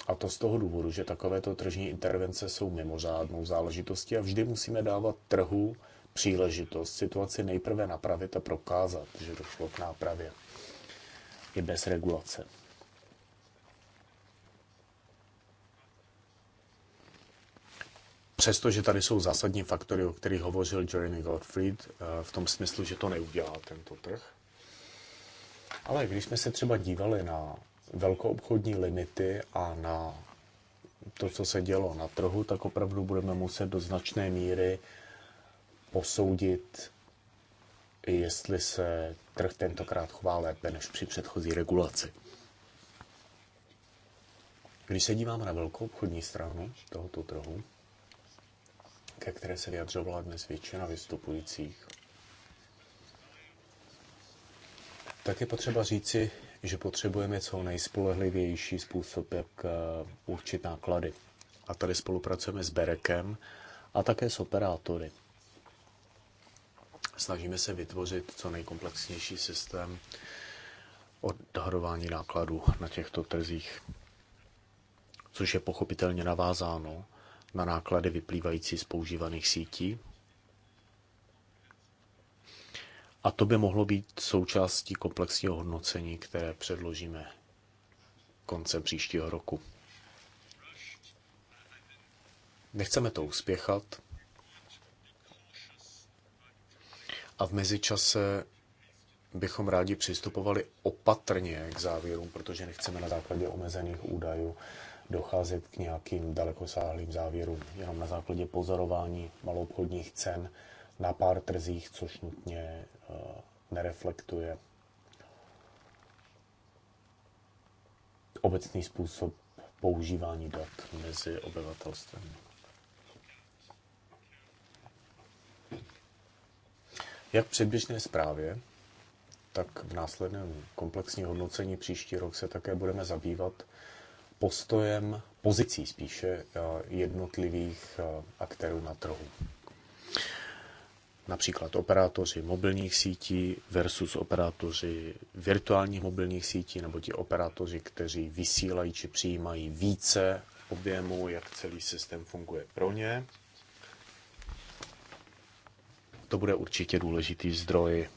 A to z toho důvodu, že takovéto tržní intervence jsou mimořádnou záležitostí a vždy musíme dávat trhu příležitost situaci nejprve napravit a prokázat, že došlo k nápravě i bez regulace. přestože tady jsou zásadní faktory, o kterých hovořil Jeremy Gottfried, eh, v tom smyslu, že to neudělá tento trh. Ale když jsme se třeba dívali na velkoobchodní limity a na to, co se dělo na trhu, tak opravdu budeme muset do značné míry posoudit, jestli se trh tentokrát chová lépe než při předchozí regulaci. Když se díváme na velkou obchodní stranu tohoto trhu, ke které se vyjadřovala dnes většina vystupujících. Tak je potřeba říci, že potřebujeme co nejspolehlivější způsob, jak eh, určit náklady. A tady spolupracujeme s Berekem a také s operátory. Snažíme se vytvořit co nejkomplexnější systém odhadování nákladů na těchto trzích, což je pochopitelně navázáno na náklady vyplývající z používaných sítí. A to by mohlo být součástí komplexního hodnocení, které předložíme koncem příštího roku. Nechceme to uspěchat. A v mezičase bychom rádi přistupovali opatrně k závěrům, protože nechceme na základě omezených údajů docházet k nějakým dalekosáhlým závěrům jenom na základě pozorování maloobchodních cen na pár trzích, což nutně eh, nereflektuje obecný způsob používání dat mezi obyvatelstvem. Jak v předběžné zprávě, tak v následném komplexním hodnocení příští rok se také budeme zabývat postojem, pozicí spíše eh, jednotlivých eh, aktérů na trhu. Například operátoři mobilních sítí versus operátoři virtuálních mobilních sítí nebo ti operátoři, kteří vysílají či přijímají více objemu, jak celý systém funguje pro ně. To bude určitě důležitý zdroj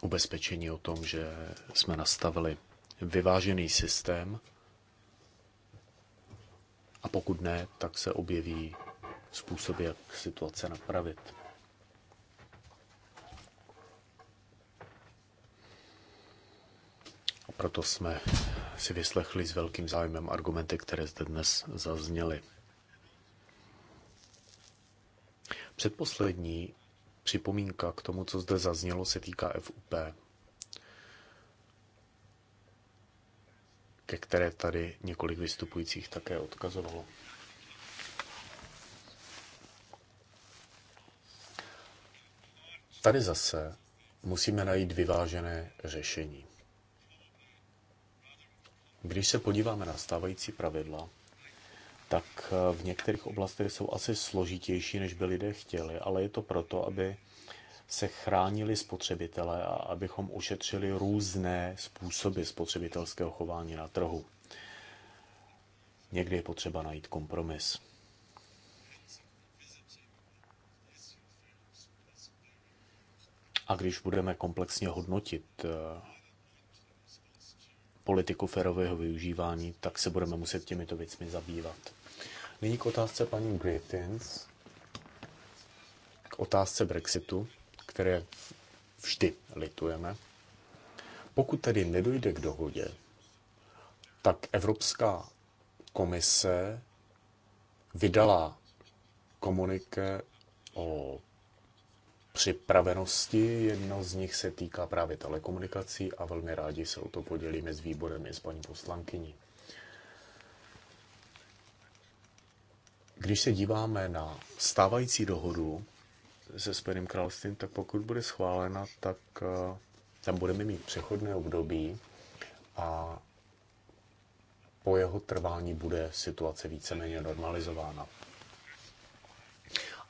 ubezpečení o tom, že jsme nastavili vyvážený systém a pokud ne, tak se objeví způsob, jak situace napravit. A proto jsme si vyslechli s velkým zájmem argumenty, které zde dnes zazněly. Předposlední připomínka k tomu, co zde zaznělo, se týká FUP. ke které tady několik vystupujících také odkazovalo. Tady zase musíme najít vyvážené řešení. Když se podíváme na stávající pravidla, tak v některých oblastech jsou asi složitější, než by lidé chtěli, ale je to proto, aby se chránili spotřebitelé a abychom ušetřili různé způsoby spotřebitelského chování na trhu. Někdy je potřeba najít kompromis. A když budeme komplexně hodnotit eh, politiku ferového využívání, tak se budeme muset těmito věcmi zabývat. Nyní k otázce paní Griffins, k otázce Brexitu které vždy litujeme. Pokud tedy nedojde k dohodě, tak Evropská komise vydala komunike o připravenosti. Jedno z nich se týká právě telekomunikací a velmi rádi se o to podělíme s výborem i s paní poslankyní. Když se díváme na stávající dohodu se Spojeným královstvím, tak pokud bude schválena, tak eh, tam budeme mít přechodné období a po jeho trvání bude situace víceméně normalizována.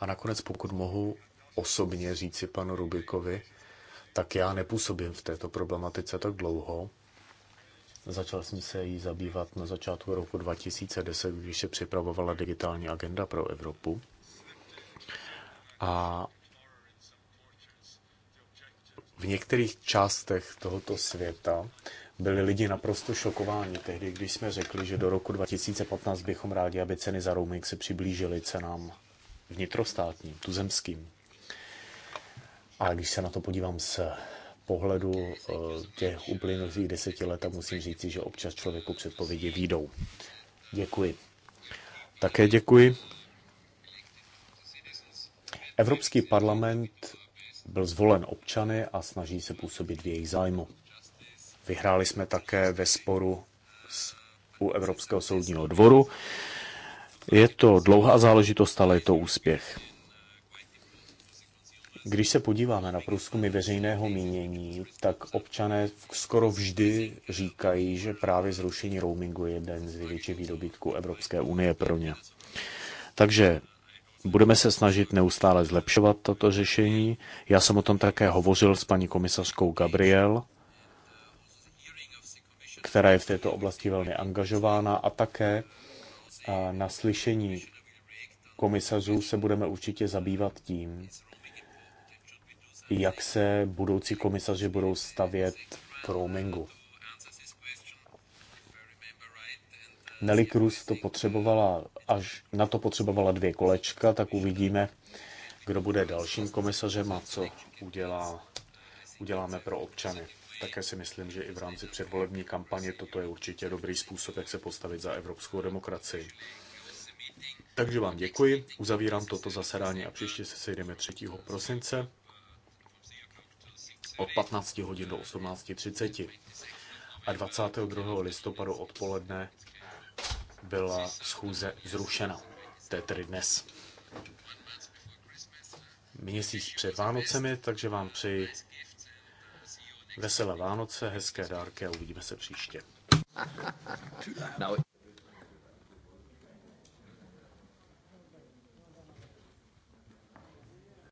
A nakonec, pokud mohu osobně říci panu Rubikovi, tak já nepůsobím v této problematice tak dlouho. Začal jsem se jí zabývat na začátku roku 2010, když se připravovala digitální agenda pro Evropu. A v některých částech tohoto světa byli lidi naprosto šokováni tehdy, když jsme řekli, že do roku 2015 bychom rádi, aby ceny za roaming se přiblížily cenám vnitrostátním, tuzemským. A když se na to podívám z pohledu eh, těch uplynulých deseti let, tak musím říci, že občas člověku předpovědi výjdou. Děkuji. Také děkuji. Evropský parlament byl zvolen občany a snaží se působit v jejich zájmu. Vyhráli jsme také ve sporu u Evropského soudního dvoru. Je to dlouhá záležitost, ale je to úspěch. Když se podíváme na průzkumy veřejného mínění, tak občané skoro vždy říkají, že právě zrušení roamingu je jeden z největších výdobytků Evropské unie pro ně. Takže Budeme se snažit neustále zlepšovat toto řešení. Já jsem o tom také hovořil s paní komisařkou Gabriel, která je v této oblasti velmi angažována a také na slyšení komisařů se budeme určitě zabývat tím, jak se budoucí komisaři budou stavět k roamingu. Nelly Cruz to potřebovala, až na to potřebovala dvě kolečka, tak uvidíme, kdo bude dalším komisařem a co udělá, uděláme pro občany. Také si myslím, že i v rámci předvolební kampaně toto je určitě dobrý způsob, jak se postavit za evropskou demokracii. Takže vám děkuji, uzavírám toto zasedání a příště se sejdeme 3. prosince od 15 hodin do 18.30 a 22. listopadu odpoledne byla schůze zrušena. To je tedy dnes. Měsíc před Vánocemi, takže vám přeji veselé Vánoce, hezké dárky a uvidíme se příště.